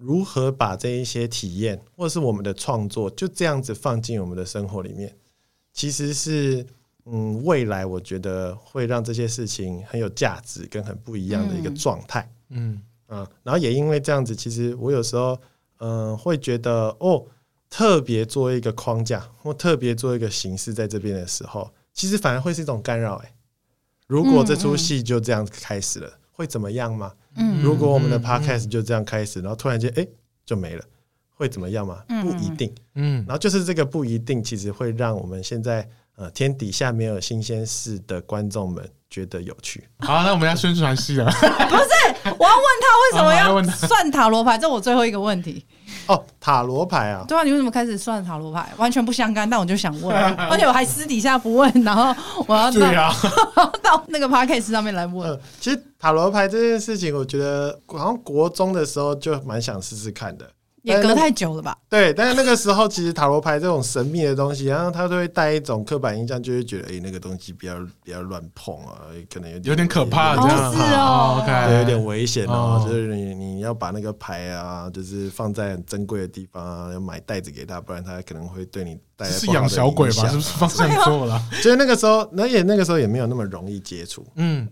如何把這一些體驗，或者是我們的創作，就這樣子放進我們的生活裡面，其實是嗯，未來我覺得會讓這些事情很有價值跟很不一樣的一個狀態、嗯，嗯啊、嗯，然後也因為這樣子，其實我有時候嗯、呃、會覺得哦，特別做一個框架或特別做一個形式在這邊的時候，其實反而會是一種干擾。誒。如果這齣戲就這樣子開始了，嗯嗯會怎麼樣嗎？嗯，如果我們的 podcast 就這樣開始，嗯嗯、然後突然間哎、欸、就沒了，會怎麼樣嘛？不一定，嗯，然後就是這個不一定，其實會讓我們現在呃天底下沒有新鮮事的觀眾們覺得有趣。好，那我們要宣傳戲了， 不是，我要問他為什麼要算塔羅牌，這我最後一個問題。哦，塔羅牌啊！對啊，你為什麼開始算塔羅牌？完全不相干，但我就想問， 而且我還私底下不問，然後我要到、啊、 到那個 podcast 上面來問。嗯、其實塔羅牌這件事情，我覺得好像國中的時候就蠻想試試看的。也隔太久了吧？對，但是那個時候，其實塔羅牌這種神秘的東西，然後他都會帶一種刻板印象，就會覺得哎，那個東西不要不要亂碰啊，可能有點有點可怕，就是哦，有點危險哦，就是你你要把那個牌啊，就是放在很珍貴的地方啊，要買袋子給他，不然他可能會對你帶來，是養小鬼吧？是不是方向錯了？所以那個時候，那也那個時候也沒有那麼容易接觸。嗯，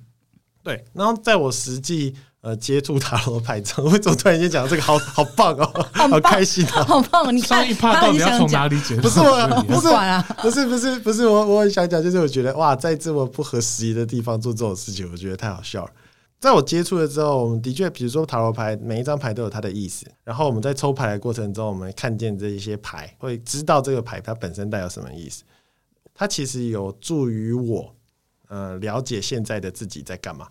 對，然後在我實際。呃、嗯，接觸塔羅牌，怎麼突然間講這個好好棒哦， 棒好開心哦！好棒！你說，一趴到底要從哪裡講？不是對不是不啊，不是，不是，不是我，我想講，就是我覺得哇，在這麼不合時宜的地方做這種事情，我覺得太好笑了。在我接觸了之後，我們的確，比如說塔羅牌，每一張牌都有它的意思。然後我們在抽牌的過程中，我們看見這一些牌，會知道這個牌它本身帶有什麼意思。它其實有助於我，呃，了解現在的自己在幹嘛。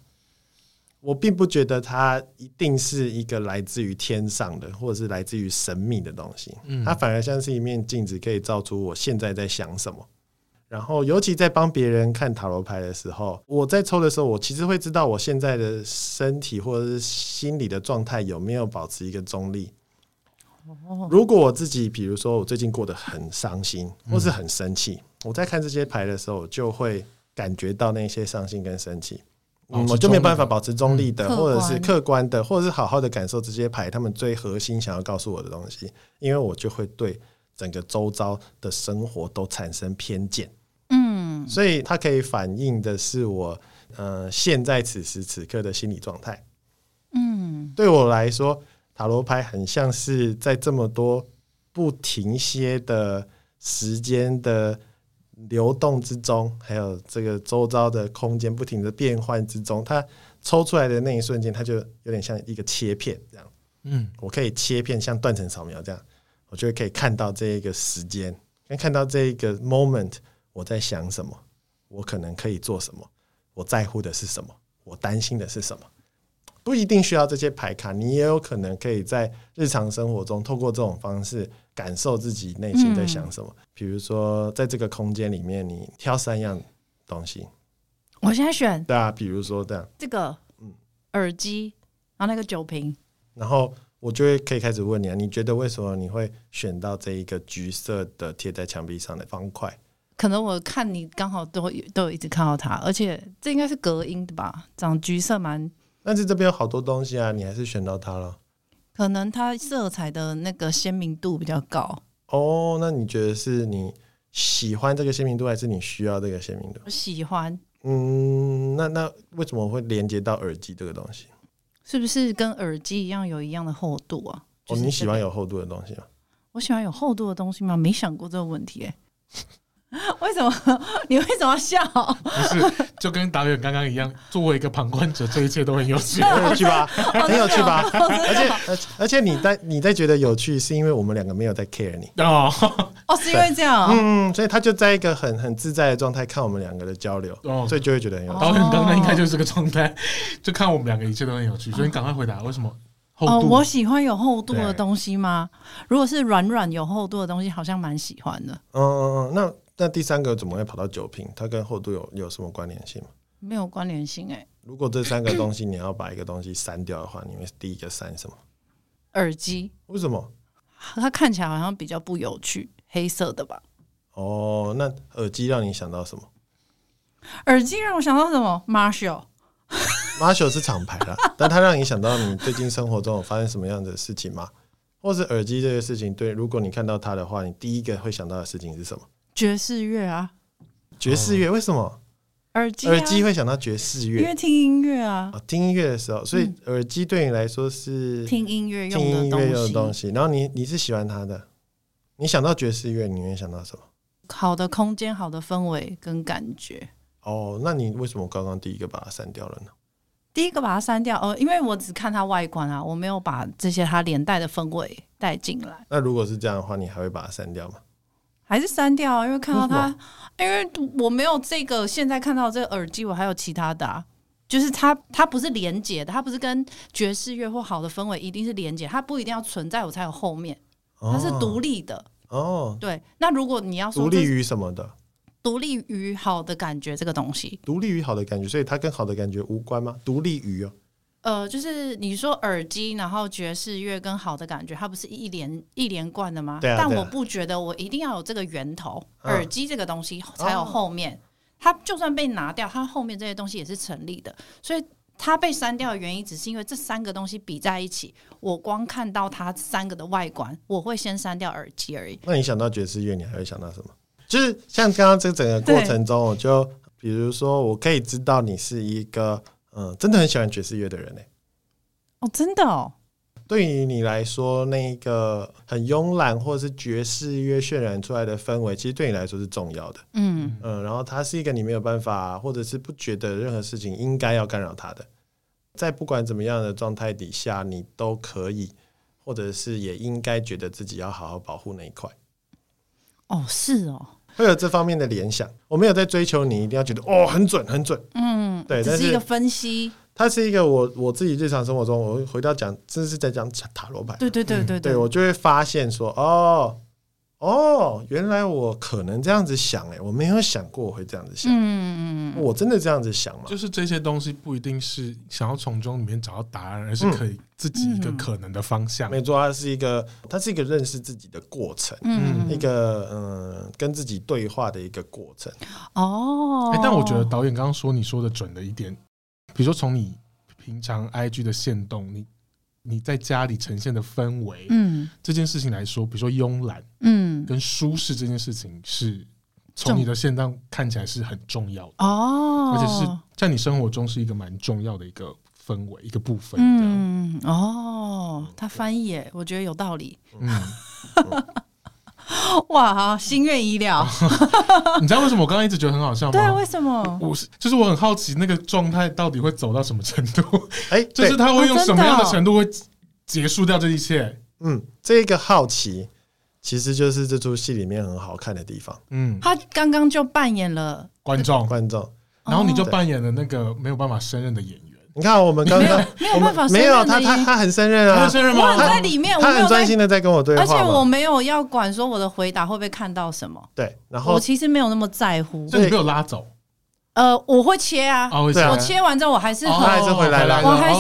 我並不覺得它一定是一個來自於天上的，或者是來自於神秘的東西。它反而像是一面鏡子，可以照出我現在在想什麼。然後，尤其在幫別人看塔羅牌的時候，我在抽的時候，我其實會知道我現在的身體或者是心理的狀態有沒有保持一個中立。如果我自己，比如說我最近過得很傷心，或是很生氣，我在看這些牌的時候，就會感覺到那些傷心跟生氣。我就沒有辦法保持中立的，嗯、或者是客觀的，嗯、觀的，或者是好好的感受這些牌，直接排他們最核心想要告訴我的東西，因為我就會對整個周遭的生活都產生偏見。嗯，所以它可以反映的是我，呃，現在此時此刻的心理狀態。嗯，對我來說，塔羅牌很像是在這麼多不停歇的時間的。流動之中，還有這個周遭的空間不停的變換之中，它抽出來的那一瞬間，它就有點像一個切片這樣。嗯，我可以切片，像斷層掃描這樣，我就可以看到這一個時間，那看到這一個 moment，我在想什麼，我可能可以做什麼，我在乎的是什麼，我擔心的是什麼。不一定需要這些牌卡，你也有可能可以在日常生活中透過這種方式感受自己內心在想什麼。比、嗯、如說，在這個空間裡面，你挑三樣東西，我現在選對啊。比如說，這樣這個嗯，耳機，然後那個酒瓶，嗯、然後我就會可以開始問你啊，你覺得為什麼你會選到這一個橘色的貼在牆壁上的方塊？可能我看你剛好都都一直看到它，而且這應該是隔音的吧？長橘色蠻。但是這邊有好多東西啊，你還是選到它了。可能它色彩的那個鮮明度比較高哦。那你覺得是你喜歡這個鮮明度，還是你需要這個鮮明度？我喜歡。嗯，那那為什麼我會連接到耳機這個東西？是不是跟耳機一樣有一樣的厚度啊、就是這邊？哦，你喜歡有厚度的東西嗎？我喜歡有厚度的東西嗎？沒想過這個問題誒、欸。 為什麼你為什麼要笑？不是，就跟導演剛剛一樣，作為一個旁觀者，這一切都很有趣，很有趣吧，很有趣吧。而且而且你在你在覺得有趣，是因為我們兩個沒有在 care 你哦哦，是因為這樣，嗯嗯，所以他就在一個很很自在的狀態看我們兩個的交流，哦，所以就會覺得很有趣。導演剛剛應該就是這個狀態，就看我們兩個一切都很有趣，所以你趕快回答為什麼厚度？我喜歡有厚度的東西嗎？如果是軟軟有厚度的東西，好像蠻喜歡的。嗯嗯嗯，那。那第三個怎麼會跑到酒瓶？它跟厚度有有什麼關聯性嗎？沒有關聯性哎、欸。如果這三個東西你要把一個東西刪掉的話，你會第一個刪什麼？耳機。為什麼？它看起來好像比較不有趣，黑色的吧？哦，那耳機讓你想到什麼？耳機讓我想到什麼？Marshall。 Marshall 是廠牌啦。但它讓你想到你最近生活中有發生什麼樣的事情嗎？或是耳機這個事情？對，如果你看到它的話，你第一個會想到的事情是什麼？爵士樂啊，爵士樂為什麼？哦、耳機、啊、耳機會想到爵士樂，因為聽音樂啊、哦、聽音樂的時候，所以耳機對你來說是聽音樂用的東西。然後你你是喜歡它的，你想到爵士樂，你會想到什麼？好的空間，好的氛圍跟感覺。哦，那你為什麼剛剛第一個把它刪掉了呢？第一個把它刪掉，哦、呃，因為我只看它外觀啊，我沒有把這些它連帶的氛圍帶進來。那如果是這樣的話，你還會把它刪掉嗎？還是刪掉、啊，因為看到它，為什麼？因為我沒有這個。現在看到這個耳機，我還有其他的、啊，就是它它不是連接的，它不是跟爵士樂或好的氛圍一定是連接，它不一定要存在我才有後面，它是獨立的哦。對，哦、那如果你要說獨立於什麼的，獨立於好的感覺這個東西，獨立於好的感覺，所以它跟好的感覺無關嗎？獨立於哦。呃，就是你說耳機，然後爵士樂跟好的感覺，它不是一連一連貫的嗎？對啊、對啊、但我不覺得我一定要有這個源頭，啊、耳機這個東西才有後面。啊、它就算被拿掉，它後面這些東西也是成立的。所以它被刪掉的原因，只是因為這三個東西比在一起，我光看到它三個的外觀，我會先刪掉耳機而已。那你想到爵士樂，你還會想到什麼？就是像剛剛這整個過程中，我對就比如說，我可以知道你是一個。嗯，真的很喜歡爵士樂的人呢、欸。哦，oh, 真的哦。對於你來說，那個很慵懶或者是爵士樂渲染出來的氛圍，其實對你來說是重要的。嗯嗯，然後它是一個你沒有辦法，或者是不覺得任何事情應該要干擾它的，在不管怎麼樣的狀態底下，你都可以，或者是也應該覺得自己要好好保護那一塊。哦，oh, 是哦。會有這方面的聯想，我沒有在追求你一定要覺得哦，很準很準，很準嗯，對，這是，是一個分析，它是一個我我自己日常生活中，我回到講，真是在講塔羅牌，對對對對對，對，對，對，我就會發現說哦。哦，原來我可能這樣子想哎，我沒有想過我會這樣子想。嗯嗯，我真的這樣子想嗎？就是這些東西不一定是想要從中裡面找到答案，而是可以自己一個可能的方向的、嗯嗯。沒錯，它是一個，它是一個認識自己的過程，嗯、一個、嗯、跟自己對話的一個過程。哦、嗯，哎、欸，但我覺得導演剛剛說你說的準的一點，比如說從你平常 IG 的限動你。你在家裡呈現的氛圍，嗯，這件事情來說，比如說慵懶，嗯，跟舒適這件事情是，從你的現狀看起來是很重要的哦，重而且是在你生活中是一個蠻重要的一個氛圍，嗯，一個部分的哦。他翻譯，哎，我覺得有道理，嗯。 哇哈，好心願意料。你知道為什麼我剛剛一直覺得很好笑嗎？對啊，為什麼？我是就是我很好奇那個狀態到底會走到什麼程度？哎、欸，就是他會用什麼樣的程度會結束掉這一切？哦哦、嗯，這個好奇其實就是這齣戲裡面很好看的地方。嗯，他剛剛就扮演了觀眾，觀眾，然後你就扮演了那個沒有辦法勝任的演員。你看，我們剛剛沒有辦法，沒有他，他他很勝任啊，我很在裡面，他很專心的在跟我對話，而且我沒有要管說我的回答會不會看到什麼。對，然後我其實沒有那麼在乎。所以你被我拉走，呃，我會切啊，我切完之後我還是我還是回來拉，我還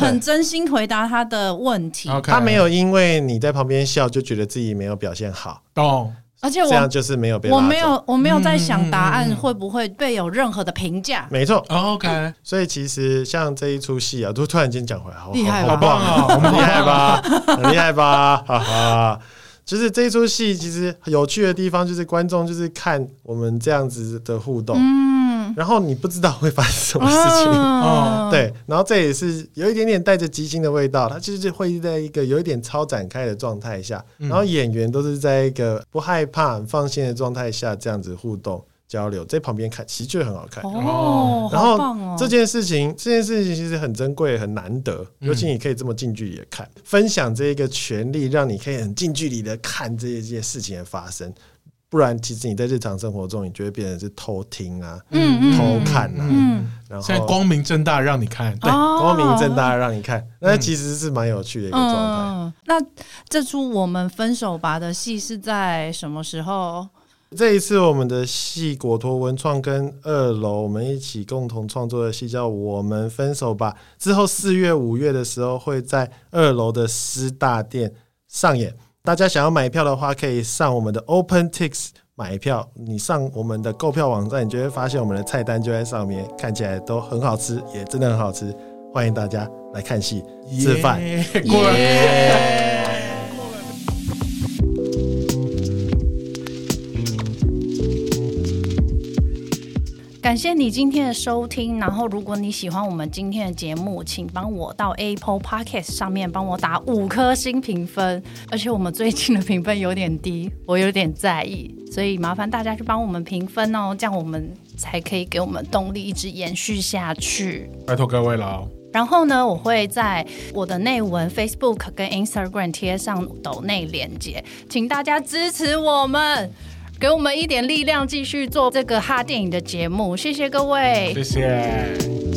是很真心回答他的問題。他沒有因為你在旁邊笑就覺得自己沒有表現好，懂。而且我這樣就是沒有被我沒有我沒有在想答案會不會被有任何的評價。沒錯，OK。所以其實像這一出戲啊，都突然間講回來，好，好棒啊，厲害吧， 很厲害吧，哈哈。就是這一出戲，其實有趣的地方就是觀眾就是看我們這樣子的互動，嗯。然後你不知道會發生什麼事情，嗯，哦，對，然後這也是有一點點帶着即興的味道，它其實是會在一個有一點超展開的狀態下，然後演員都是在一個不害怕，放心的狀態下這樣子互動交流，在旁邊看其實就很好看。哦，然後，哦，這件事情，這件事情其實很珍貴，很難得，尤其你可以這麼近距離的看，嗯，分享這一個權利，讓你可以很近距離的看這一件事情的發生。不然，其實你在日常生活中，你就會變成是偷聽啊，嗯、偷看啊，嗯嗯、然後現在光明正大讓你看，對，哦、光明正大讓你看，那、哦、其實是蠻有趣的一個狀態、嗯嗯。那這齣《我們分手吧》的戲是在什麼時候？這一次我們的戲，果陀文創跟貳樓我們一起共同創作的戲叫《我們分手吧》，之後四月、五月的時候會在貳樓的師大店上演。大家想要買票的話，可以上我們的 OpenTix 買票。你上我們的購票網站，你就會發現我們的菜單就在上面，看起來都很好吃，也真的很好吃。歡迎大家來看戲、吃飯。感謝你今天的收聽，然後如果你喜歡我們今天的節目，請幫我到 Apple Podcast 上面幫我打五顆星評分，而且我們最近的評分有點低，我有點在意，所以麻煩大家去幫我們評分哦，這樣我們才可以給我們動力一直延續下去，拜托各位了。然後呢，我會在我的內文 Facebook 跟 Instagram 貼上抖內鏈接，請大家支持我們。給我們一點力量，繼續做這個哈電影的節目，謝謝各位，謝謝。